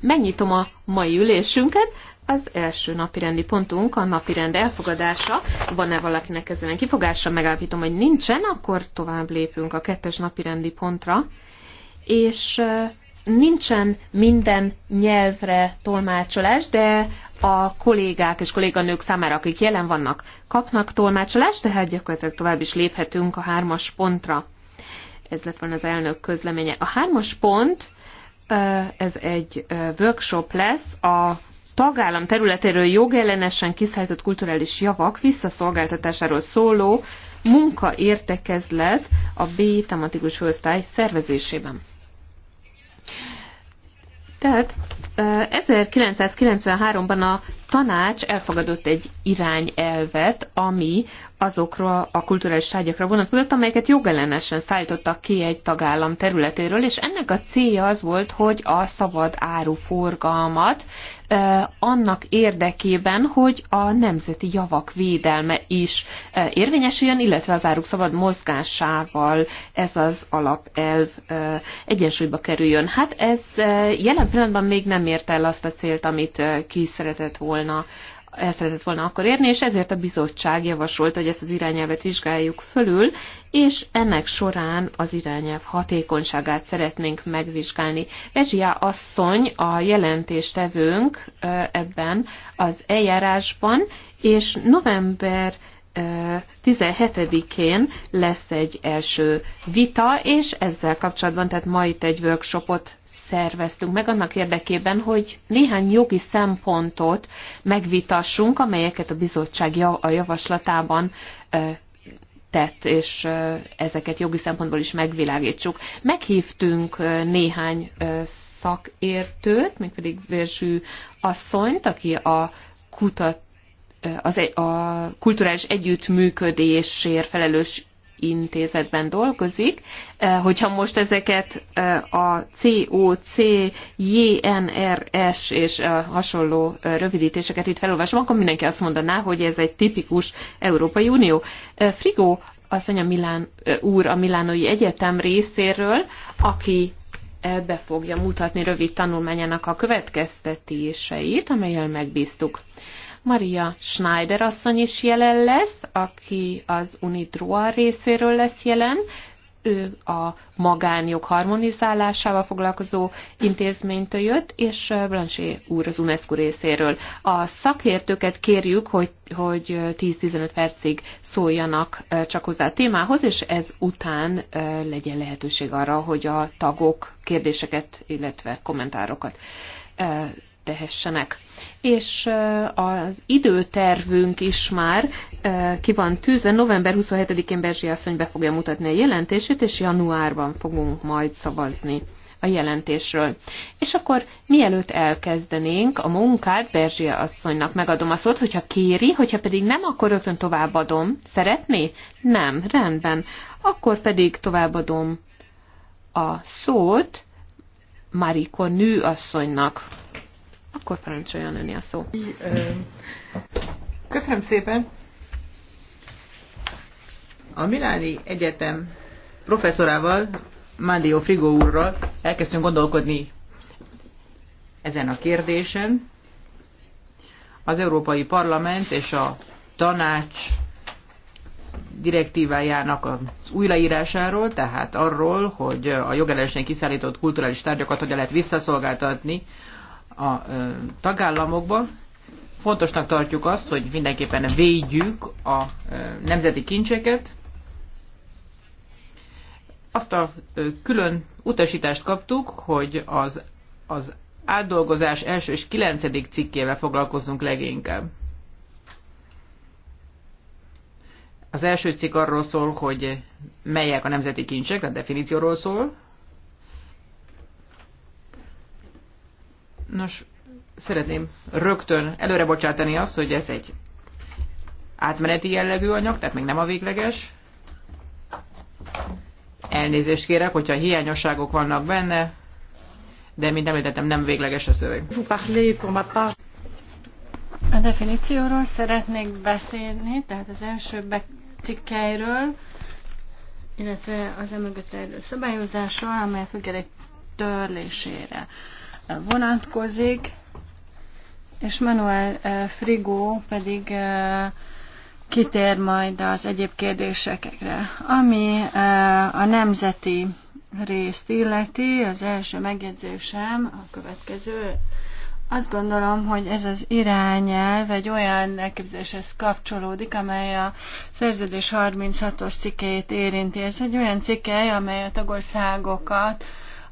Megnyitom a mai ülésünket. Az első napirendi pontunk a napirend elfogadása. Van-e valakinek ezen kifogása? Megállapítom, hogy nincsen, akkor tovább lépünk a kettes napirendi pontra. És nincsen minden nyelvre tolmácsolás, de a kollégák és kolléganők számára, akik jelen vannak, kapnak tolmácsolást, tehát gyakorlatilag tovább is léphetünk a hármas pontra. Ez lett volna az elnök közleménye. A hármas pont, ez egy workshop lesz a tagállam területéről jogellenesen kiszállított kulturális javak visszaszolgáltatásáról szóló munkaértekezlet a B tematikus főosztály szervezésében. Tehát 1993-ban a tanács elfogadott egy irányelvet, ami azokra a kulturális tárgyakra vonatkozott, amelyeket jogellenesen szállítottak ki egy tagállam területéről, és ennek a célja az volt, hogy a szabad áru forgalmat annak érdekében, hogy a nemzeti javak védelme is érvényesüljön, illetve az áruk szabad mozgásával ez az alapelv egyensúlyba kerüljön. Hát ez jelen pillanatban még nem ért el azt a célt, amit ki szeretett volna el szeretett volna akkor érni, és ezért a bizottság javasolta, hogy ezt az irányelvet vizsgáljuk fölül, és ennek során az irányelv hatékonyságát szeretnénk megvizsgálni. Ezsia asszony a jelentéstevőnk ebben az eljárásban, és november 17-én lesz egy első vita, és ezzel kapcsolatban, tehát ma itt egy workshopot szerveztünk meg annak érdekében, hogy néhány jogi szempontot megvitassunk, amelyeket a bizottság a javaslatában tett, és ezeket jogi szempontból is megvilágítsuk. Meghívtunk néhány szakértőt, mégpedig Vérzsű asszonyt, aki a kutat az, a kulturális együttműködésért felelős intézetben dolgozik, eh, hogyha most ezeket eh, a COC, JNRS és eh, hasonló rövidítéseket itt felolvasom, akkor mindenki azt mondaná, hogy ez egy tipikus Európai Unió. Frigo az anya Milán, úr a Milánói Egyetem részéről, aki be fogja mutatni rövid tanulmányának a következtetéseit, amelyel megbíztuk. Maria Schneider asszony is jelen lesz, aki az UNIDROA részéről lesz jelen, ő a magányok harmonizálásával foglalkozó intézménytől jött, és Blanché úr az UNESCO részéről. A szakértőket kérjük, hogy, hogy 10-15 percig szóljanak csak hozzá a témához, és ez után legyen lehetőség arra, hogy a tagok kérdéseket, illetve kommentárokat tehessenek. És az időtervünk is már ki van tűzve. November 27-én Berzsi asszony be fogja mutatni a jelentését, és januárban fogunk majd szavazni a jelentésről. És akkor mielőtt elkezdenénk a munkát, Berzsi asszonynak megadom a szót, hogyha kéri, hogyha pedig nem, akkor rögtön továbbadom. Szeretné? Nem, rendben. Akkor pedig továbbadom a szót Mariko nő asszonynak. Akkor parancsoljon önni a szó. Köszönöm szépen. A Miláni Egyetem professzorával, Mário Frigo úrral elkezdtünk gondolkodni ezen a kérdésen. Az Európai Parlament és a tanács direktívájának az újraírásáról, tehát arról, hogy a jogellenesen kiszállított kulturális tárgyakat hogyan lehet visszaszolgáltatni a tagállamokban. Fontosnak tartjuk azt, hogy mindenképpen védjük a nemzeti kincseket. Azt a külön utasítást kaptuk, hogy az, az átdolgozás első és kilencedik cikkével foglalkozzunk leginkább. Az első cikk arról szól, hogy melyek a nemzeti kincsek, a definícióról szól, Nos, szeretném rögtön előre bocsátani azt, hogy ez egy átmeneti jellegű anyag, tehát még nem a végleges. Elnézést kérek, hogyha hiányosságok vannak benne, de mint említettem, nem végleges a szöveg. A definícióról szeretnék beszélni, tehát az első cikkeiről, illetve az emögött erő szabályozásról, amely függ egy törlésére vonatkozik, és Manuel eh, Frigó pedig eh, kitér majd az egyéb kérdésekre. Ami eh, a nemzeti részt illeti, az első megjegyzésem a következő. Azt gondolom, hogy ez az irányelv egy olyan elképzeléshez kapcsolódik, amely a szerződés 36-os cikkeit érinti. Ez egy olyan cikkely, amely a tagországokat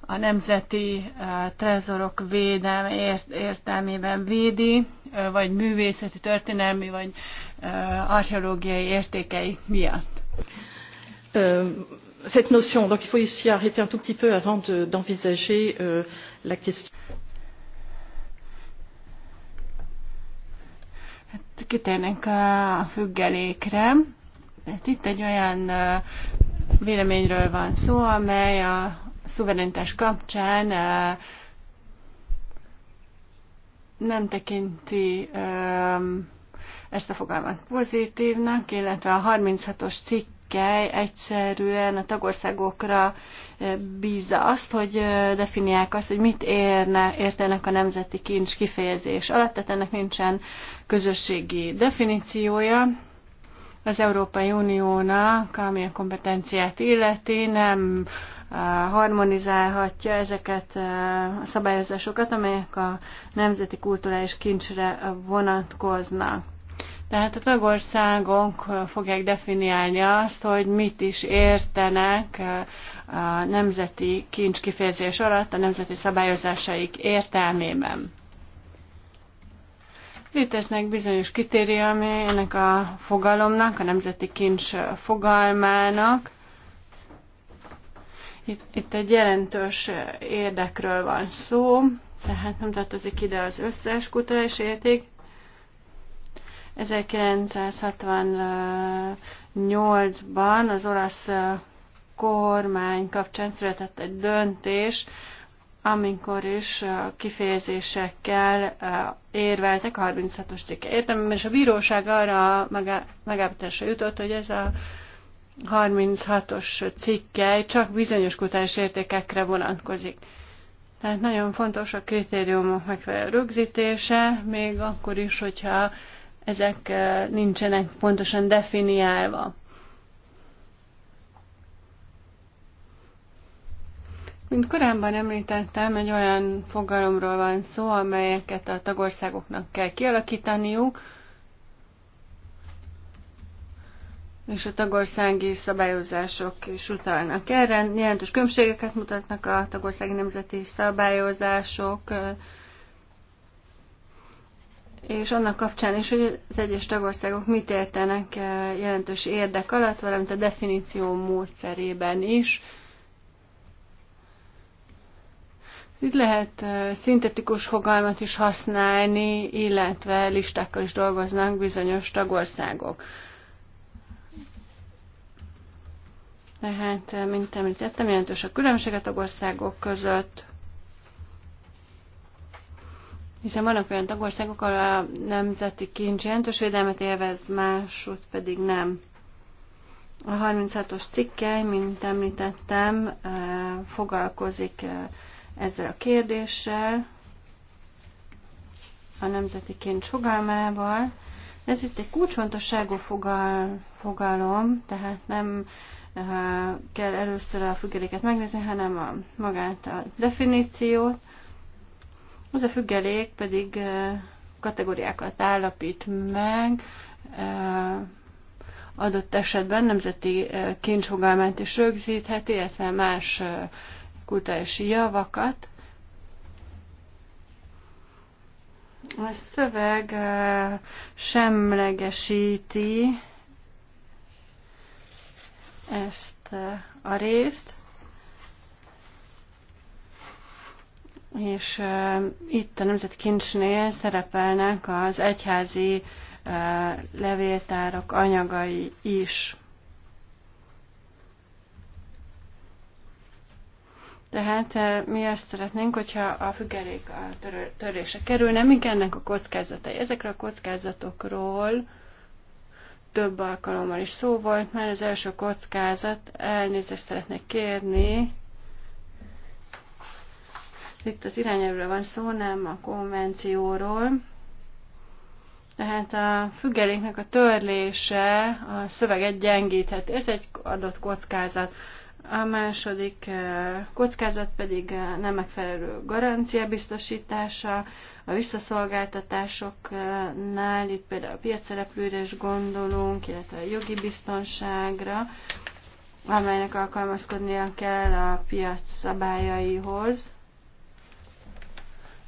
a nemzeti eh, trezorok védelme ért, értelmében védi, eh, vagy művészeti, történelmi, vagy eh, archeológiai értékei miatt. Euh, cette notion, donc il faut ici arrêter un tout petit peu avant d'envisager de, euh, la question. Hát kitérnénk a függelékre. itt egy olyan véleményről van szó, amely a szuverenitás kapcsán nem tekinti ezt a fogalmat pozitívnak, illetve a 36-os cikk egyszerűen a tagországokra bízza azt, hogy definiálják azt, hogy mit érne, értenek a nemzeti kincs kifejezés alatt, tehát ennek nincsen közösségi definíciója, az Európai Uniónak, ami a kompetenciát illeti, nem harmonizálhatja ezeket a szabályozásokat, amelyek a nemzeti kulturális kincsre vonatkoznak. Tehát a tagországok fogják definiálni azt, hogy mit is értenek a nemzeti kincs kifejezés alatt a nemzeti szabályozásaik értelmében. Léteznek bizonyos kritériumi ennek a fogalomnak, a nemzeti kincs fogalmának. Itt, itt egy jelentős érdekről van szó, tehát nem tartozik ide az összes kutatási érték. 1968-ban az olasz kormány kapcsán született egy döntés, amikor is kifejezésekkel érveltek a 36-os cikke értelemben, és a bíróság arra megállapításra jutott, hogy ez a 36-os cikke csak bizonyos kutatási értékekre vonatkozik. Tehát nagyon fontos a kritériumok megfelelő rögzítése, még akkor is, hogyha ezek nincsenek pontosan definiálva. Mint korábban említettem, egy olyan fogalomról van szó, amelyeket a tagországoknak kell kialakítaniuk, és a tagországi szabályozások is utalnak erre. Jelentős különbségeket mutatnak a tagországi nemzeti szabályozások, és annak kapcsán is, hogy az egyes tagországok mit értenek eh, jelentős érdek alatt, valamint a definíció módszerében is Itt lehet szintetikus fogalmat is használni, illetve listákkal is dolgoznak bizonyos tagországok. Tehát, mint említettem, jelentős a különbség a tagországok között, hiszen vannak olyan tagországok, ahol a nemzeti kincs jelentős védelmet élvez, másút pedig nem. A 36-os cikkely, mint említettem, foglalkozik ezzel a kérdéssel, a nemzeti kincs fogalmával. ez itt egy kulcsfontosságú fogal, fogalom, tehát nem eh, kell először a függeléket megnézni, hanem a, magát a definíciót. Az a függelék pedig eh, kategóriákat állapít meg, eh, adott esetben nemzeti kincsfogalmát is rögzíthet, illetve más kutási javakat. A szöveg semlegesíti ezt a részt, és itt a Nemzeti Kincsnél szerepelnek az egyházi levéltárok anyagai is. Tehát eh, mi azt szeretnénk, hogyha a függelék a törése kerülne, mik ennek a kockázatai. Ezekről a kockázatokról több alkalommal is szó volt, mert az első kockázat, elnézést szeretnék kérni, itt az irányelvről van szó, nem a konvencióról. Tehát a függeléknek a törlése a szöveget gyengítheti. Ez egy adott kockázat. A második eh, kockázat pedig a eh, nem megfelelő garancia biztosítása, a visszaszolgáltatásoknál, itt például a piacereplőre is gondolunk, illetve a jogi biztonságra, amelynek alkalmazkodnia kell a piac szabályaihoz.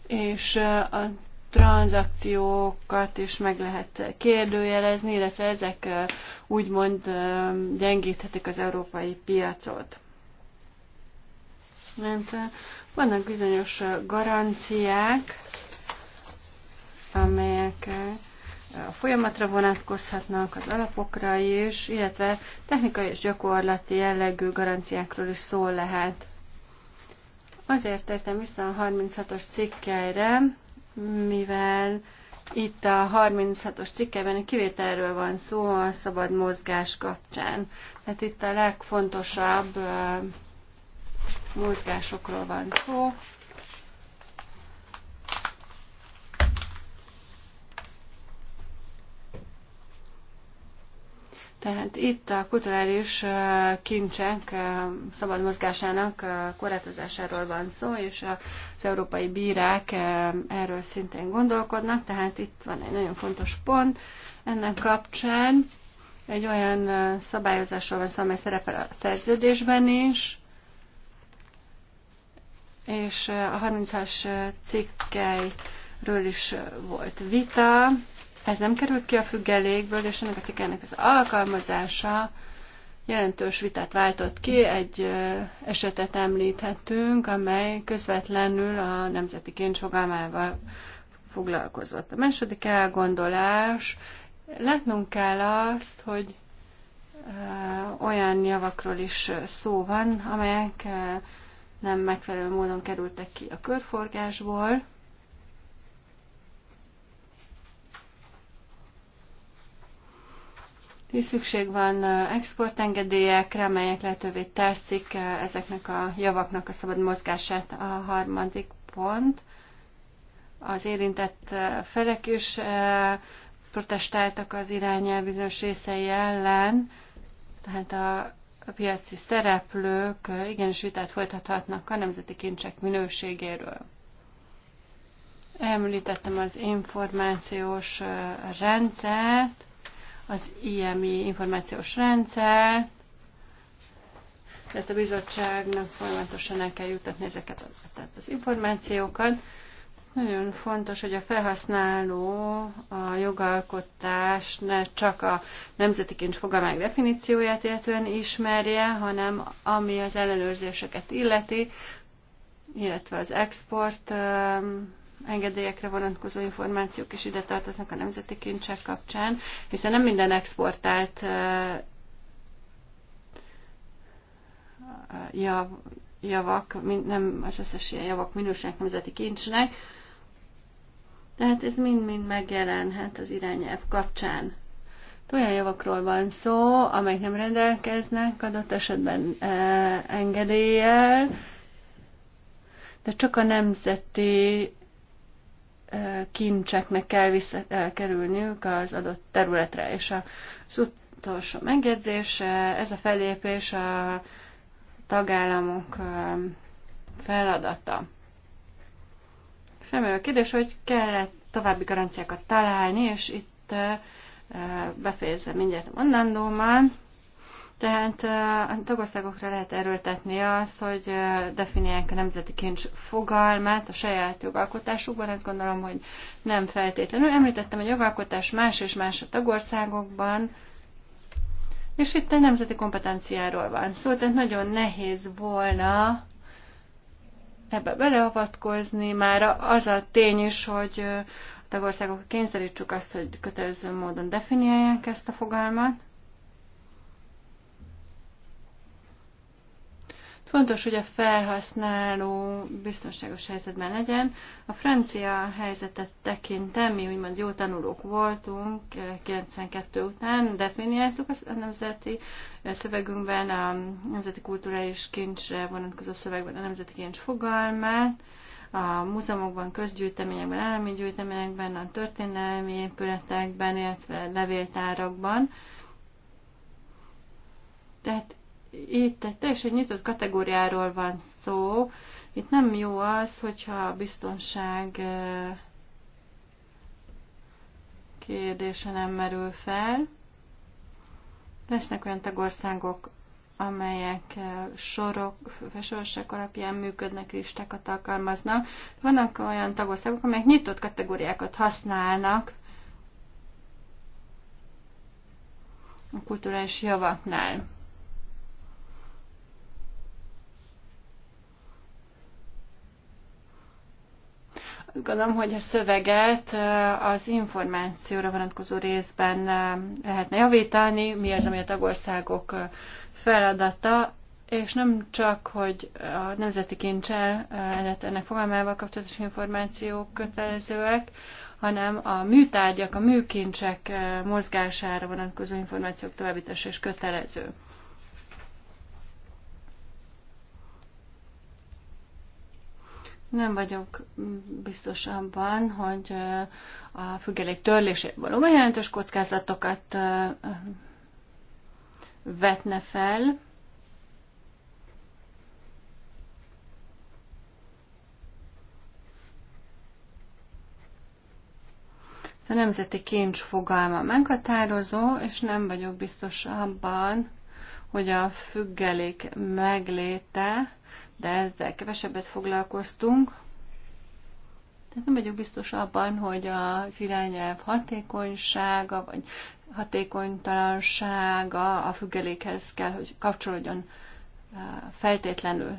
És eh, a tranzakciókat is meg lehet kérdőjelezni, illetve ezek úgymond gyengíthetik az európai piacot. Mert vannak bizonyos garanciák, amelyek a folyamatra vonatkozhatnak, az alapokra is, illetve technikai és gyakorlati jellegű garanciákról is szó lehet. Azért tettem vissza a 36-os cikkelyre, mivel itt a 36-os cikkeben kivételről van szó a szabad mozgás kapcsán. Tehát itt a legfontosabb mozgásokról van szó. Tehát itt a kulturális kincsek szabad mozgásának korlátozásáról van szó, és az európai bírák erről szintén gondolkodnak, tehát itt van egy nagyon fontos pont ennek kapcsán. Egy olyan szabályozásról van szó, amely szerepel a szerződésben is, és a 30-as cikkeiről is volt vita, ez nem került ki a függelékből, és ennek a cikkelnek az alkalmazása jelentős vitát váltott ki. Egy esetet említhetünk, amely közvetlenül a nemzeti fogalmával foglalkozott. A második elgondolás, látnunk kell azt, hogy olyan javakról is szó van, amelyek nem megfelelő módon kerültek ki a körforgásból, Így szükség van exportengedélyekre, amelyek lehetővé teszik ezeknek a javaknak a szabad mozgását. A harmadik pont az érintett felek is protestáltak az irányel bizonyos részei ellen, tehát a a piaci szereplők igenis vitát folytathatnak a nemzeti kincsek minőségéről. Említettem az információs rendszert, az IMI információs rendszer, tehát a bizottságnak folyamatosan el kell jutatni ezeket tehát az információkat. Nagyon fontos, hogy a felhasználó a jogalkotás ne csak a nemzeti kincs fogalmák definícióját illetően ismerje, hanem ami az ellenőrzéseket illeti, illetve az export um, engedélyekre vonatkozó információk is ide tartoznak a nemzeti kincsek kapcsán, hiszen nem minden exportált javak, nem az összes ilyen javak minőségnek nemzeti kincsnek, tehát ez mind-mind megjelenhet az irányelv kapcsán. Olyan javakról van szó, amelyek nem rendelkeznek adott esetben e, engedéllyel, de csak a nemzeti kincseknek kell visszakerülniük az adott területre. És az utolsó megjegyzés, ez a felépés a tagállamok feladata. Felmerül a kérdés, hogy kellett további garanciákat találni, és itt befejezem mindjárt a mondandómmal. Tehát a tagországokra lehet erőltetni azt, hogy definiálják a nemzeti kincs fogalmát a saját jogalkotásukban. Azt gondolom, hogy nem feltétlenül. Említettem, hogy jogalkotás más és más a tagországokban, és itt a nemzeti kompetenciáról van szó, szóval, tehát nagyon nehéz volna ebbe beleavatkozni. Már az a tény is, hogy a tagországok kényszerítsük azt, hogy kötelező módon definiálják ezt a fogalmat. Fontos, hogy a felhasználó biztonságos helyzetben legyen. A francia helyzetet tekintem, mi úgymond jó tanulók voltunk 92 eh, után, definiáltuk a nemzeti eh, szövegünkben, a nemzeti kulturális kincsre vonatkozó szövegben a nemzeti kincs fogalmát, a múzeumokban, közgyűjteményekben, állami gyűjteményekben, a történelmi épületekben, illetve levéltárakban. Tehát itt egy teljesen nyitott kategóriáról van szó. Itt nem jó az, hogyha a biztonság kérdése nem merül fel. Lesznek olyan tagországok, amelyek sorok, sorosság alapján működnek, listákat alkalmaznak. Vannak olyan tagországok, amelyek nyitott kategóriákat használnak a kulturális javaknál. gondolom, hogy a szöveget az információra vonatkozó részben lehetne javítani, mi az, ami a tagországok feladata, és nem csak, hogy a nemzeti kincsel, ennek fogalmával kapcsolatos információk kötelezőek, hanem a műtárgyak, a műkincsek mozgására vonatkozó információk továbbítása is kötelező. Nem vagyok biztos abban, hogy a függelék törlését valóban jelentős kockázatokat vetne fel. A nemzeti kincs fogalma meghatározó, és nem vagyok biztos abban, hogy a függelék megléte de ezzel kevesebbet foglalkoztunk. Tehát nem vagyok biztos abban, hogy az irányelv hatékonysága, vagy hatékonytalansága a függelékhez kell, hogy kapcsolódjon feltétlenül.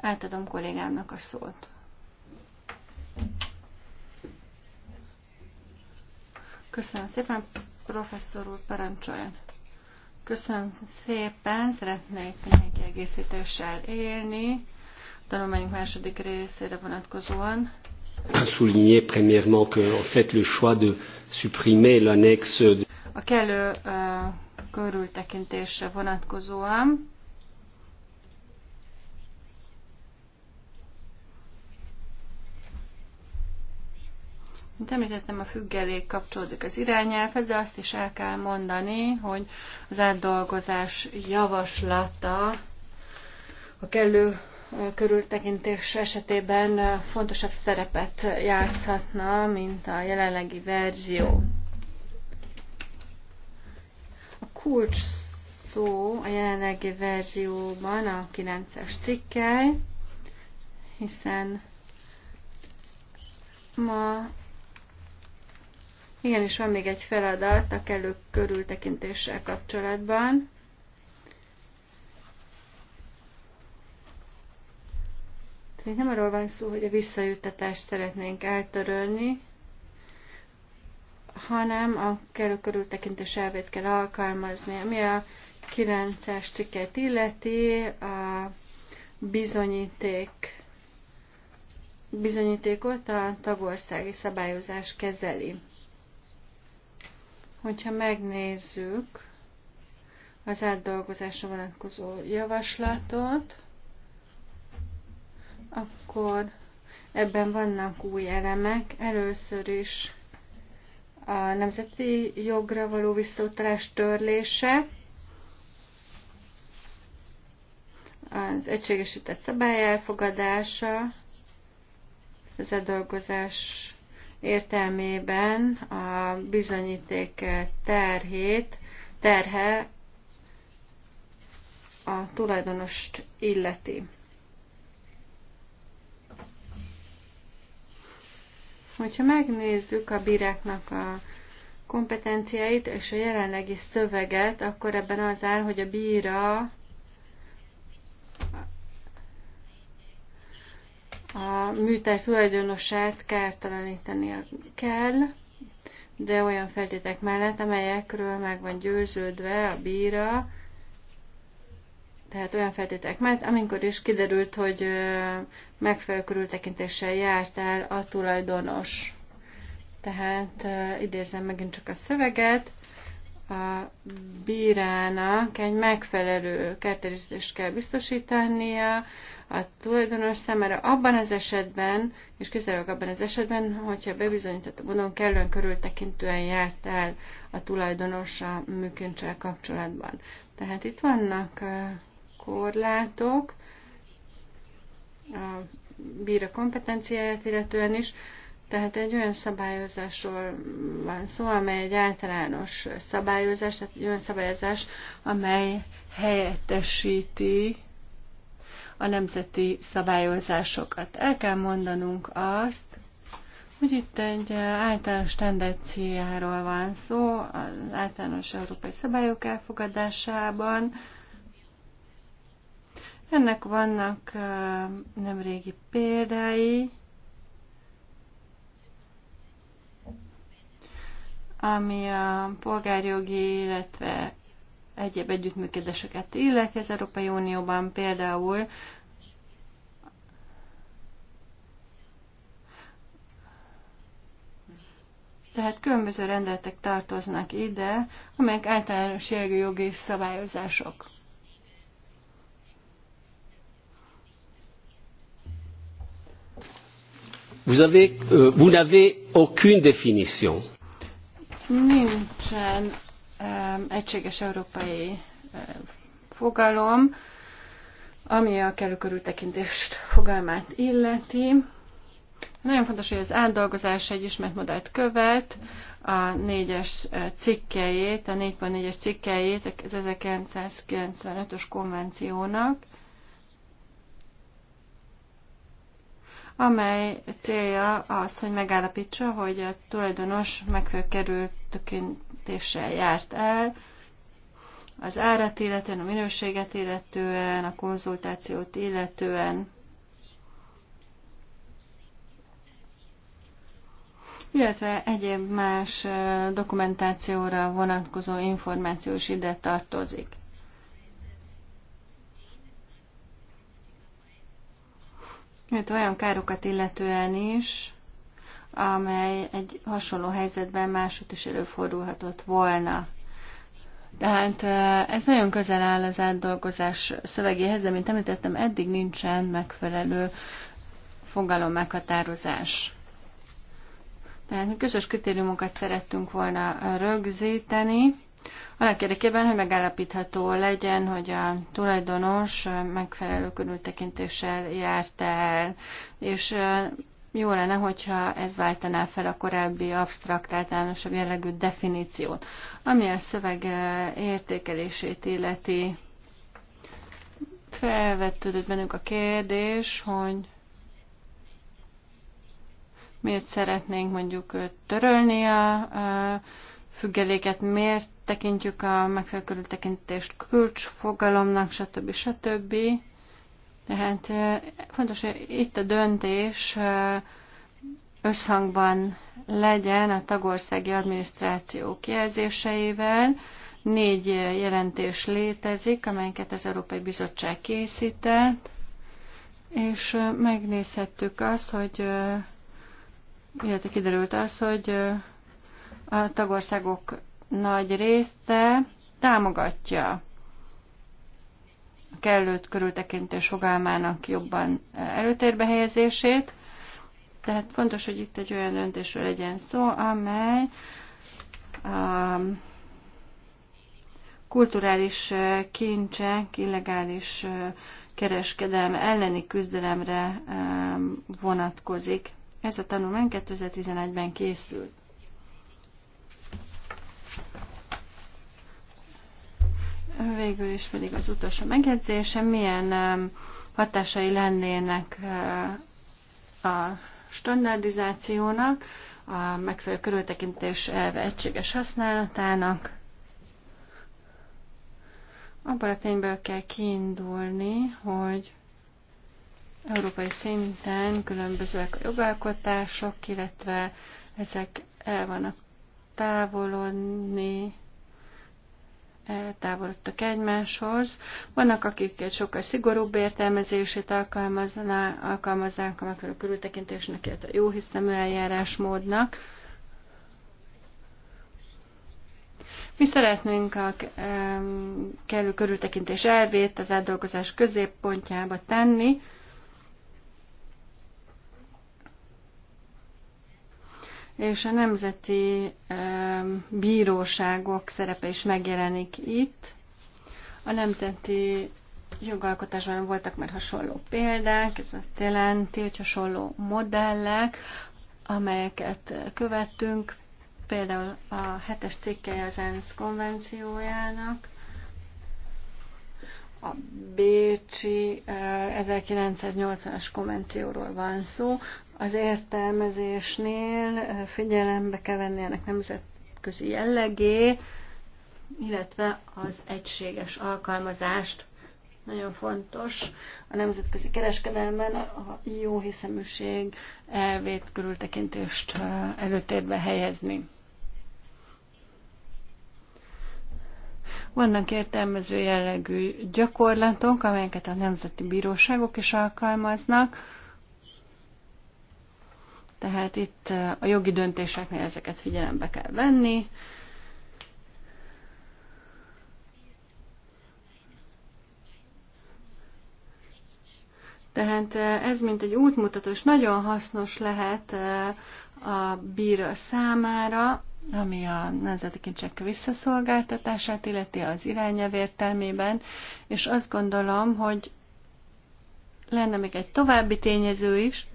Átadom kollégámnak a szót. Köszönöm szépen, professzor úr, parancsoljon. Köszönöm szépen, szeretnék még kiegészítéssel élni a tanulmányunk második részére vonatkozóan. Souligner premièrement que en fait le choix de supprimer l'annexe a kellő uh, körültekintésre vonatkozóan Mint említettem, a függelék kapcsolódik az irányelvhez, de azt is el kell mondani, hogy az átdolgozás javaslata a kellő körültekintés esetében fontosabb szerepet játszhatna, mint a jelenlegi verzió. A kulcs szó a jelenlegi verzióban a 9-es cikkely, hiszen ma igen, és van még egy feladat a kellő körültekintéssel kapcsolatban. Tehát nem arról van szó, hogy a visszajuttatást szeretnénk eltörölni, hanem a kellő körültekintés elvét kell alkalmazni. Ami a 9-es cikket illeti, a bizonyíték bizonyítékot a tagországi szabályozás kezeli. Hogyha megnézzük az átdolgozásra vonatkozó javaslatot, akkor ebben vannak új elemek. Először is a nemzeti jogra való visszautalás törlése, az egységesített szabály elfogadása, az átdolgozás értelmében a bizonyíték terhét, terhe a tulajdonost illeti. Hogyha megnézzük a bíráknak a kompetenciáit és a jelenlegi szöveget, akkor ebben az áll, hogy a bíra a műtár tulajdonosát kárteleníteni kell, de olyan feltétek mellett, amelyekről meg van győződve a bíra, tehát olyan feltétek mellett, amikor is kiderült, hogy megfelelő körültekintéssel járt el a tulajdonos. Tehát idézem megint csak a szöveget, a bírának egy megfelelő kertelítést kell biztosítania, a tulajdonos számára abban az esetben, és kizárólag abban az esetben, hogyha bebizonyított módon kellően körültekintően járt el a tulajdonos a műkincsel kapcsolatban. Tehát itt vannak korlátok, a bíra kompetenciáját illetően is, tehát egy olyan szabályozásról van szó, amely egy általános szabályozás, tehát egy olyan szabályozás, amely helyettesíti a nemzeti szabályozásokat. El kell mondanunk azt, hogy itt egy általános tendenciáról van szó, az általános európai szabályok elfogadásában. Ennek vannak nemrégi példái, ami a polgárjogi, illetve egyéb együttműködéseket illeti az Európai Unióban, például Tehát különböző rendeletek tartoznak ide, amelyek általános jellegű jogi szabályozások. Vous avez, euh, vous n'avez aucune définition. Nincsen egységes európai fogalom, ami a kellő körültekintést fogalmát illeti. Nagyon fontos, hogy az átdolgozás egy ismert modellt követ, a 4-es cikkejét, a 4.4-es cikkejét az 1995-ös konvenciónak, amely célja az, hogy megállapítsa, hogy a tulajdonos megfelelő kerültökintéssel járt el, az árat illetően, a minőséget illetően, a konzultációt illetően, illetve egyéb más dokumentációra vonatkozó információ is ide tartozik. Mert olyan károkat illetően is, amely egy hasonló helyzetben máshogy is előfordulhatott volna. Tehát ez nagyon közel áll az átdolgozás szövegéhez, de mint említettem, eddig nincsen megfelelő fogalom meghatározás. Tehát mi közös kritériumokat szerettünk volna rögzíteni, annak érdekében, hogy megállapítható legyen, hogy a tulajdonos megfelelő körültekintéssel járt el, és jó lenne, hogyha ez váltaná fel a korábbi absztrakt általánosabb jellegű definíciót, ami a szöveg értékelését illeti. Felvetődött bennünk a kérdés, hogy miért szeretnénk mondjuk törölni a, függeléket, miért tekintjük a megfelelő körültekintést kulcsfogalomnak, stb. stb. Tehát fontos, hogy itt a döntés összhangban legyen a tagországi adminisztrációk kijelzéseivel. Négy jelentés létezik, amelyeket az Európai Bizottság készített, és megnézhettük azt, hogy, illetve kiderült az, hogy a tagországok nagy része támogatja a kellő körültekintő fogalmának jobban előtérbe helyezését. Tehát fontos, hogy itt egy olyan döntésről legyen szó, amely a kulturális kincsek illegális kereskedelme elleni küzdelemre ehm, vonatkozik. Ez a tanulmány 2011-ben készült. Végül is pedig az utolsó megjegyzése, milyen um, hatásai lennének uh, a standardizációnak, a megfelelő körültekintés elve egységes használatának. Abban a tényből kell kiindulni, hogy európai szinten különbözőek a jogalkotások, illetve ezek el vannak távolodni távolodtak egymáshoz. Vannak, akik egy sokkal szigorúbb értelmezését alkalmaznák, amikor a körültekintésnek, illetve jó hiszemű eljárásmódnak. Mi szeretnénk a kellő körültekintés elvét az átdolgozás középpontjába tenni, és a nemzeti bíróságok szerepe is megjelenik itt. A nemzeti jogalkotásban voltak már hasonló példák, ez azt jelenti, hogy hasonló modellek, amelyeket követtünk, például a hetes cikke az ENSZ konvenciójának, a Bécsi 1980-as eh, konvencióról van szó, az értelmezésnél figyelembe kell venni ennek nemzetközi jellegé, illetve az egységes alkalmazást. Nagyon fontos a nemzetközi kereskedelmen a jó hiszeműség elvét körültekintést előtérbe helyezni. Vannak értelmező jellegű gyakorlatok, amelyeket a nemzeti bíróságok is alkalmaznak, tehát itt eh, a jogi döntéseknél ezeket figyelembe kell venni. Tehát eh, ez mint egy útmutató, és nagyon hasznos lehet eh, a bíró számára, ami a nemzeti kincsek visszaszolgáltatását illeti az irányelv értelmében, és azt gondolom, hogy lenne még egy további tényező is,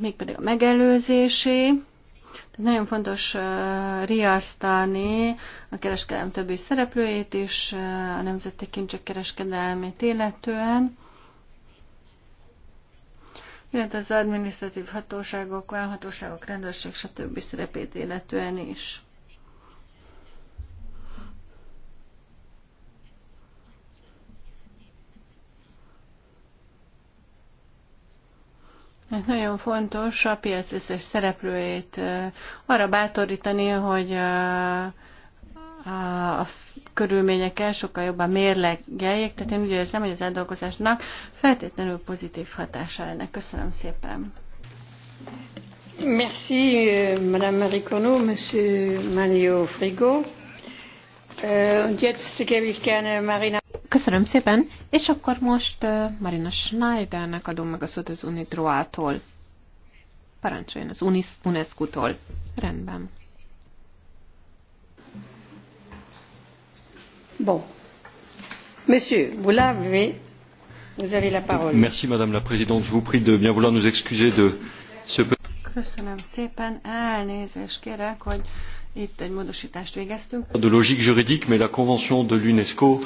mégpedig a megelőzésé. Tehát nagyon fontos riasztani a kereskedelem többi szereplőjét is, a nemzeti kincsek kereskedelmét illetően illetve az adminisztratív hatóságok, vámhatóságok, rendőrség, stb. szerepét illetően is. nagyon fontos a piac összes szereplőjét arra bátorítani, hogy a körülményekkel sokkal jobban mérlegeljék, tehát én úgy érzem, hogy az eldolgozásnak feltétlenül pozitív hatása lenne. Köszönöm szépen. Merci, euh, Madame Maricono, Monsieur Mario Frigo. Uh, jetzt gebe ich gerne Marina Köszönöm szépen, és akkor most Marina Schneidernek adom meg a szót az Unidroától. Parancsoljon az UNESCO-tól. Rendben. Bon. Monsieur, vous l'avez, vous avez la parole. Merci Madame la Présidente, je vous prie de bien vouloir nous excuser de ce petit... Köszönöm szépen, elnézést kérek, hogy itt egy módosítást végeztünk. De logique juridique, mais la Convention de l'UNESCO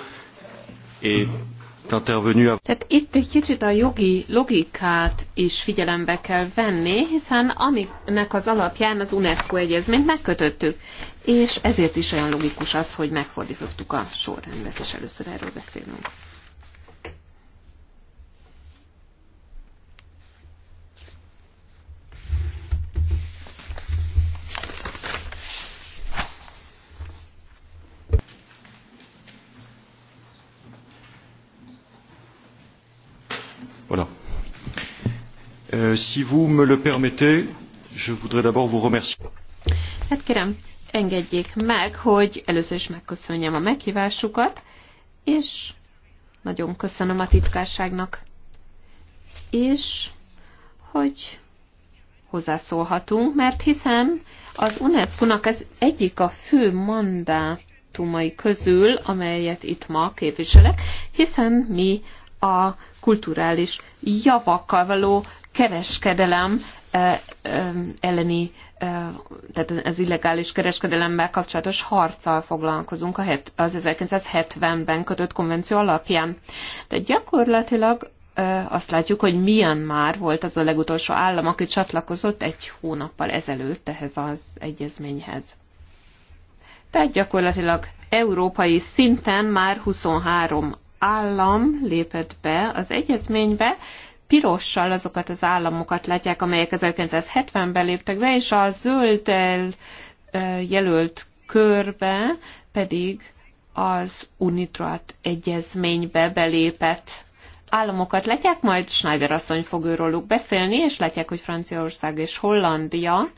tehát itt egy kicsit a jogi logikát is figyelembe kell venni, hiszen aminek az alapján az UNESCO egyezményt megkötöttük, és ezért is olyan logikus az, hogy megfordítottuk a sorrendet, és először erről beszélünk. Euh, si vous me le permettez, je voudrais d'abord vous remercier. Hát kérem, engedjék meg, hogy először is megköszönjem a meghívásukat, és nagyon köszönöm a titkárságnak, és hogy hozzászólhatunk, mert hiszen az UNESCO-nak ez egyik a fő mandátumai közül, amelyet itt ma képviselek, hiszen mi a kulturális javakkal való kereskedelem elleni, tehát az illegális kereskedelemmel kapcsolatos harccal foglalkozunk az 1970-ben kötött konvenció alapján. De gyakorlatilag azt látjuk, hogy milyen már volt az a legutolsó állam, aki csatlakozott egy hónappal ezelőtt ehhez az egyezményhez. Tehát gyakorlatilag európai szinten már 23 állam lépett be az egyezménybe, pirossal azokat az államokat látják, amelyek 1970-ben léptek be, és a zöld eh, jelölt körbe pedig az UNITRAT egyezménybe belépett államokat látják, majd Schneider asszony fog őróluk beszélni, és látják, hogy Franciaország és Hollandia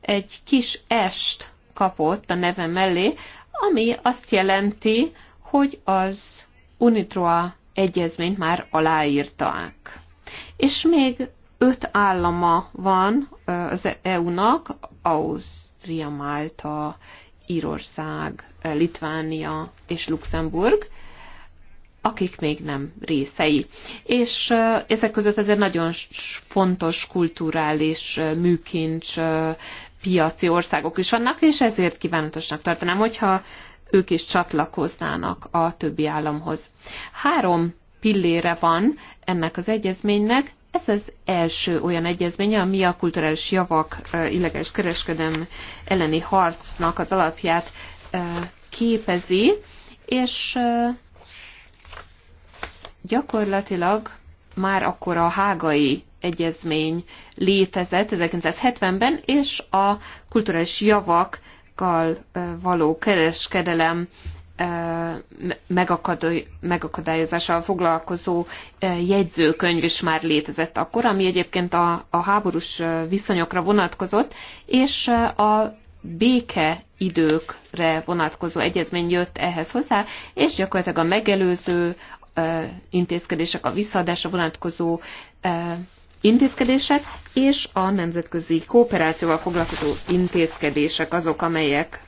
egy kis est kapott a neve mellé, ami azt jelenti, hogy az UNITROA egyezményt már aláírták. És még öt állama van az EU-nak, Ausztria, Málta, Írország, Litvánia és Luxemburg, akik még nem részei. És ezek között azért nagyon fontos kulturális műkincs piaci országok is vannak, és ezért kívánatosnak tartanám, hogyha ők is csatlakoznának a többi államhoz. Három pillére van ennek az egyezménynek, ez az első olyan egyezménye, ami a kulturális javak illegális kereskedelem elleni harcnak az alapját képezi, és gyakorlatilag már akkor a hágai egyezmény létezett 1970-ben, és a kulturális javak kal való kereskedelem megakadályozással foglalkozó jegyzőkönyv is már létezett akkor, ami egyébként a, a háborús viszonyokra vonatkozott, és a béke időkre vonatkozó egyezmény jött ehhez hozzá, és gyakorlatilag a megelőző intézkedések, a visszaadásra vonatkozó intézkedések és a nemzetközi kooperációval foglalkozó intézkedések azok, amelyek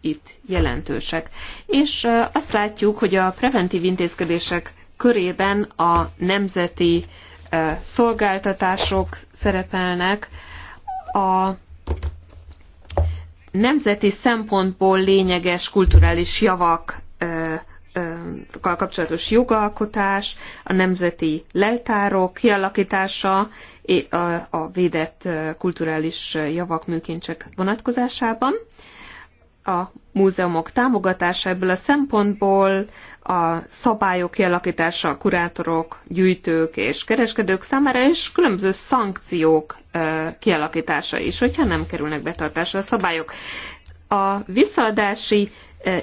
itt jelentősek. És azt látjuk, hogy a preventív intézkedések körében a nemzeti szolgáltatások szerepelnek, a nemzeti szempontból lényeges kulturális javak kapcsolatos jogalkotás, a nemzeti leltárok kialakítása, a védett kulturális javak műkincsek vonatkozásában. A múzeumok támogatása ebből a szempontból a szabályok kialakítása a kurátorok, gyűjtők és kereskedők számára, és különböző szankciók kialakítása is, hogyha nem kerülnek betartásra a szabályok. A visszaadási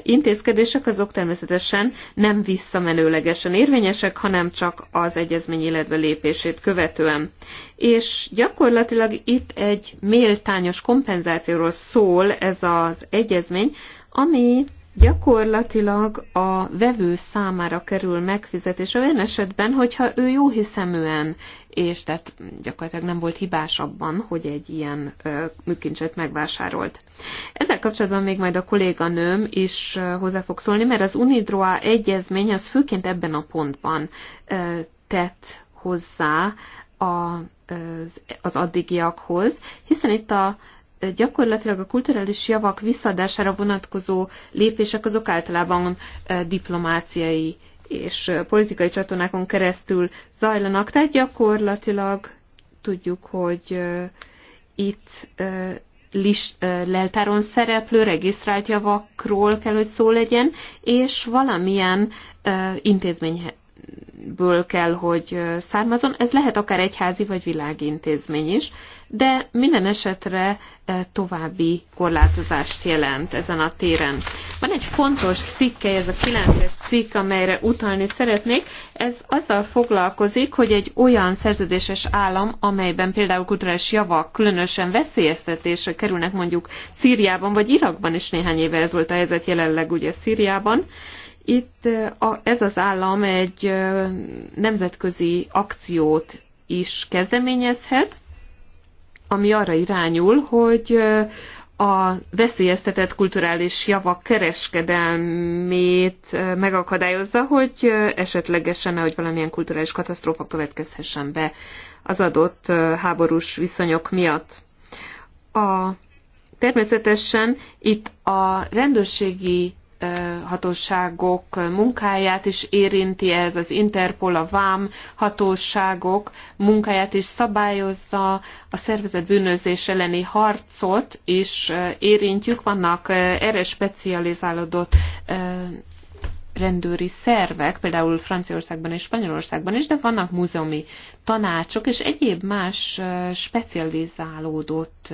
intézkedések azok természetesen nem visszamenőlegesen érvényesek, hanem csak az egyezmény életbe lépését követően. És gyakorlatilag itt egy méltányos kompenzációról szól ez az egyezmény, ami gyakorlatilag a vevő számára kerül megfizetés olyan esetben, hogyha ő jó hiszeműen, és tehát gyakorlatilag nem volt hibás abban, hogy egy ilyen ö, műkincset megvásárolt. Ezzel kapcsolatban még majd a kolléganőm is ö, hozzá fog szólni, mert az UNIDROA egyezmény az főként ebben a pontban ö, tett hozzá a, az addigiakhoz, hiszen itt a gyakorlatilag a kulturális javak visszaadására vonatkozó lépések azok általában diplomáciai és politikai csatornákon keresztül zajlanak, tehát gyakorlatilag tudjuk, hogy itt leltáron szereplő regisztrált javakról kell, hogy szó legyen, és valamilyen intézmény ből kell, hogy származon. Ez lehet akár egyházi vagy világintézmény is, de minden esetre további korlátozást jelent ezen a téren. Van egy fontos cikke, ez a 9-es cikk, amelyre utalni szeretnék. Ez azzal foglalkozik, hogy egy olyan szerződéses állam, amelyben például kulturális javak különösen veszélyeztetésre kerülnek mondjuk Szíriában vagy Irakban is néhány éve ez volt a helyzet jelenleg ugye Szíriában, itt a, ez az állam egy nemzetközi akciót is kezdeményezhet, ami arra irányul, hogy a veszélyeztetett kulturális javak kereskedelmét megakadályozza, hogy esetlegesen, hogy valamilyen kulturális katasztrófa következhessen be az adott háborús viszonyok miatt. A, természetesen itt a rendőrségi hatóságok munkáját is érinti ez, az Interpol, a VÁM hatóságok munkáját is szabályozza, a szervezet bűnözés elleni harcot is érintjük, vannak erre specializálódott rendőri szervek, például Franciaországban és Spanyolországban is, de vannak múzeumi tanácsok és egyéb más specializálódott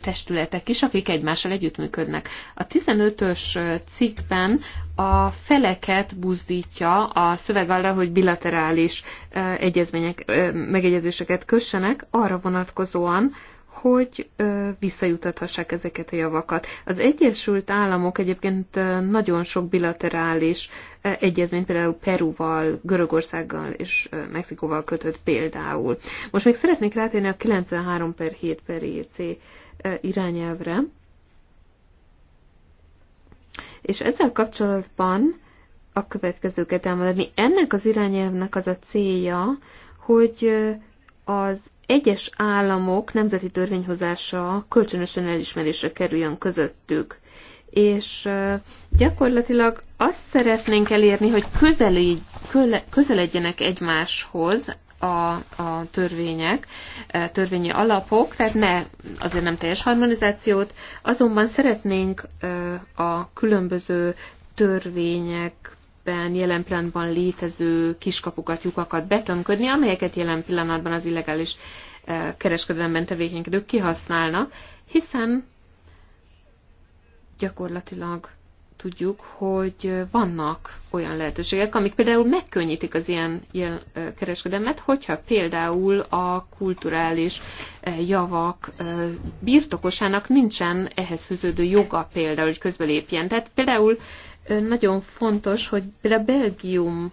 testületek is, akik egymással együttműködnek. A 15-ös cikkben a feleket buzdítja a szöveg arra, hogy bilaterális egyezmények, megegyezéseket kössenek arra vonatkozóan, hogy visszajutathassák ezeket a javakat. Az Egyesült Államok egyébként nagyon sok bilaterális egyezményt, például Peruval, Görögországgal és Mexikóval kötött például. Most még szeretnék rátérni a 93 per 7 per EC irányelvre, és ezzel kapcsolatban a következőket elmondani. Ennek az irányelvnek az a célja, hogy az egyes államok nemzeti törvényhozása kölcsönösen elismerésre kerüljön közöttük. És gyakorlatilag azt szeretnénk elérni, hogy közelígy, közeledjenek egymáshoz a, a törvények, törvényi alapok, tehát ne, azért nem teljes harmonizációt, azonban szeretnénk a különböző törvények ebben jelen pillanatban létező kiskapukat, lyukakat betömködni, amelyeket jelen pillanatban az illegális eh, kereskedelemben tevékenykedők kihasználnak, hiszen gyakorlatilag tudjuk, hogy vannak olyan lehetőségek, amik például megkönnyítik az ilyen eh, kereskedelmet, hogyha például a kulturális eh, javak birtokosának nincsen ehhez fűződő joga például, hogy közbelépjen. Tehát például nagyon fontos, hogy például Belgium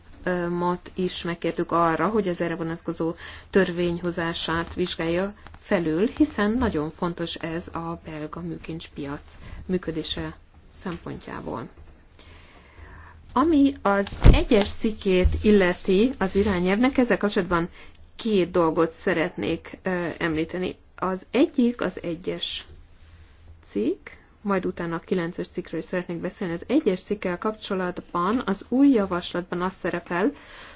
mat is megkértük arra, hogy az erre vonatkozó törvényhozását vizsgálja felül, hiszen nagyon fontos ez a belga műkincspiac működése szempontjából. Ami az egyes cikkét illeti az irányelvnek, ezzel kapcsolatban két dolgot szeretnék említeni. Az egyik az egyes cikk, majd utána a 9-es cikkről is szeretnék beszélni. Az egyes cikkel kapcsolatban az új javaslatban az szerepel,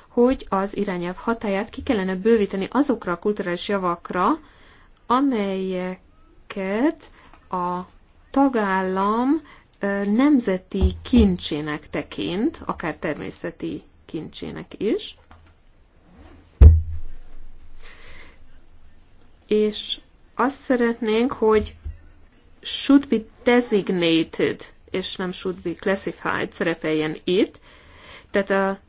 hogy az irányelv hatáját ki kellene bővíteni azokra a kulturális javakra, amelyeket a tagállam nemzeti kincsének tekint, akár természeti kincsének is. És azt szeretnénk, hogy should be designated, és nem should be classified szerepeljen itt. Tehát a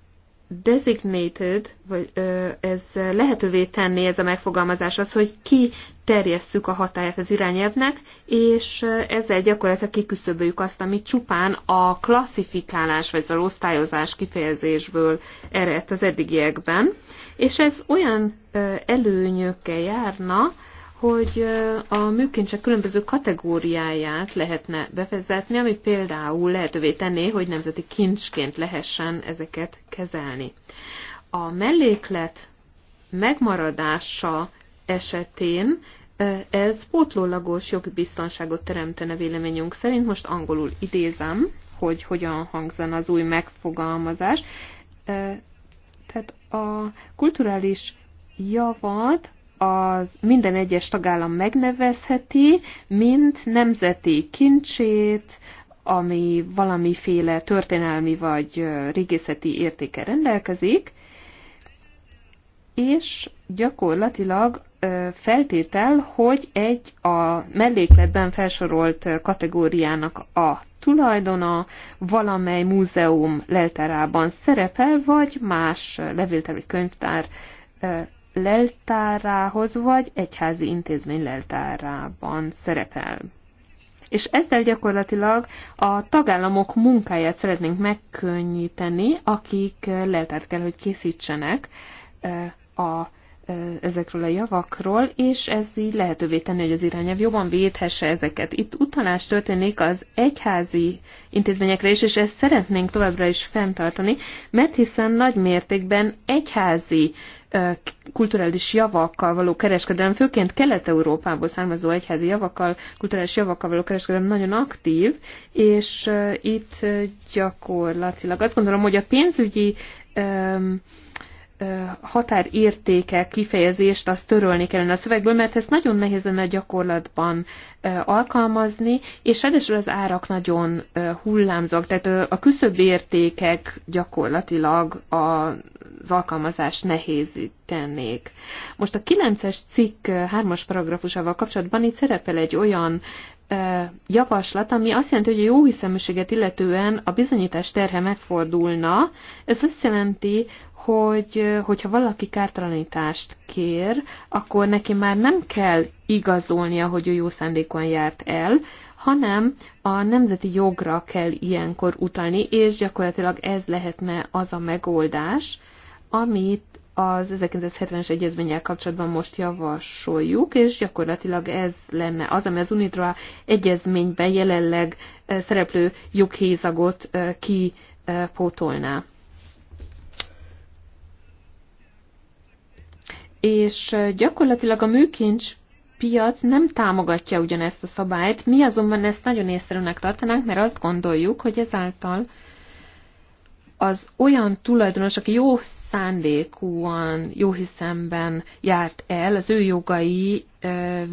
designated, vagy ö, ez lehetővé tenni ez a megfogalmazás az, hogy ki terjesszük a hatáját az irányelvnek, és ezzel gyakorlatilag kiküszöböljük azt, ami csupán a klasszifikálás vagy az osztályozás kifejezésből eredt az eddigiekben, és ez olyan ö, előnyökkel járna, hogy a műkincsek különböző kategóriáját lehetne bevezetni, ami például lehetővé tenné, hogy nemzeti kincsként lehessen ezeket kezelni. A melléklet megmaradása esetén ez pótlólagos jogi biztonságot teremtene véleményünk szerint. Most angolul idézem, hogy hogyan hangzan az új megfogalmazás. Tehát a kulturális javat az minden egyes tagállam megnevezheti, mint nemzeti kincsét, ami valamiféle történelmi vagy régészeti értéke rendelkezik, és gyakorlatilag feltétel, hogy egy a mellékletben felsorolt kategóriának a tulajdona valamely múzeum leltárában szerepel, vagy más levéltári könyvtár leltárához vagy egyházi intézmény leltárában szerepel. És ezzel gyakorlatilag a tagállamok munkáját szeretnénk megkönnyíteni, akik leltárt kell, hogy készítsenek a ezekről a javakról, és ez így lehetővé tenni, hogy az irányelv jobban védhesse ezeket. Itt utalás történik az egyházi intézményekre is, és ezt szeretnénk továbbra is fenntartani, mert hiszen nagy mértékben egyházi kulturális javakkal való kereskedelem, főként Kelet-Európából származó egyházi javakkal, kulturális javakkal való kereskedelem nagyon aktív, és itt gyakorlatilag azt gondolom, hogy a pénzügyi határértékek kifejezést azt törölni kellene a szövegből, mert ezt nagyon nehéz lenne a gyakorlatban alkalmazni, és ráadásul az árak nagyon hullámzók, tehát a küszöbb értékek gyakorlatilag az alkalmazást nehézítenék. Most a 9-es cikk 3-as paragrafusával kapcsolatban itt szerepel egy olyan javaslat, ami azt jelenti, hogy a jóhiszeműséget illetően a bizonyítás terhe megfordulna. Ez azt jelenti, hogy hogyha valaki kártalanítást kér, akkor neki már nem kell igazolnia, hogy ő jó szándékon járt el, hanem a nemzeti jogra kell ilyenkor utalni, és gyakorlatilag ez lehetne az a megoldás, amit az 1970-es egyezménnyel kapcsolatban most javasoljuk, és gyakorlatilag ez lenne az, ami az UNITRA egyezményben jelenleg szereplő joghézagot kipótolná. És gyakorlatilag a műkincs piac nem támogatja ugyanezt a szabályt, mi azonban ezt nagyon észszerűnek tartanánk, mert azt gondoljuk, hogy ezáltal az olyan tulajdonos, aki jó szándékúan, jó hiszemben járt el, az ő jogai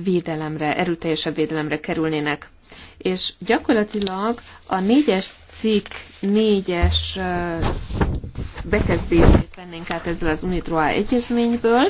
védelemre, erőteljesebb védelemre kerülnének. És gyakorlatilag a négyes cikk négyes bekezdését vennénk át ezzel az UNIDROA egyezményből,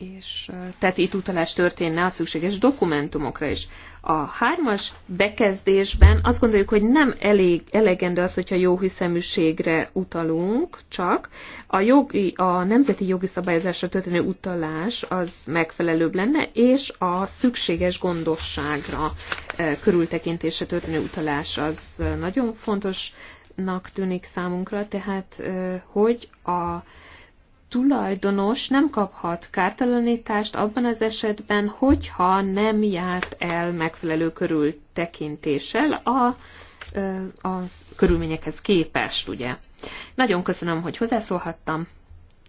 és tehát itt utalás történne a szükséges dokumentumokra is. A hármas bekezdésben azt gondoljuk, hogy nem elég, elegendő az, hogyha jó hiszeműségre utalunk, csak a, jogi, a nemzeti jogi szabályozásra történő utalás az megfelelőbb lenne, és a szükséges gondosságra e, körültekintése történő utalás az nagyon fontosnak tűnik számunkra, tehát e, hogy a tulajdonos nem kaphat kártalanítást abban az esetben, hogyha nem járt el megfelelő körültekintéssel a, a körülményekhez képest, ugye. Nagyon köszönöm, hogy hozzászólhattam,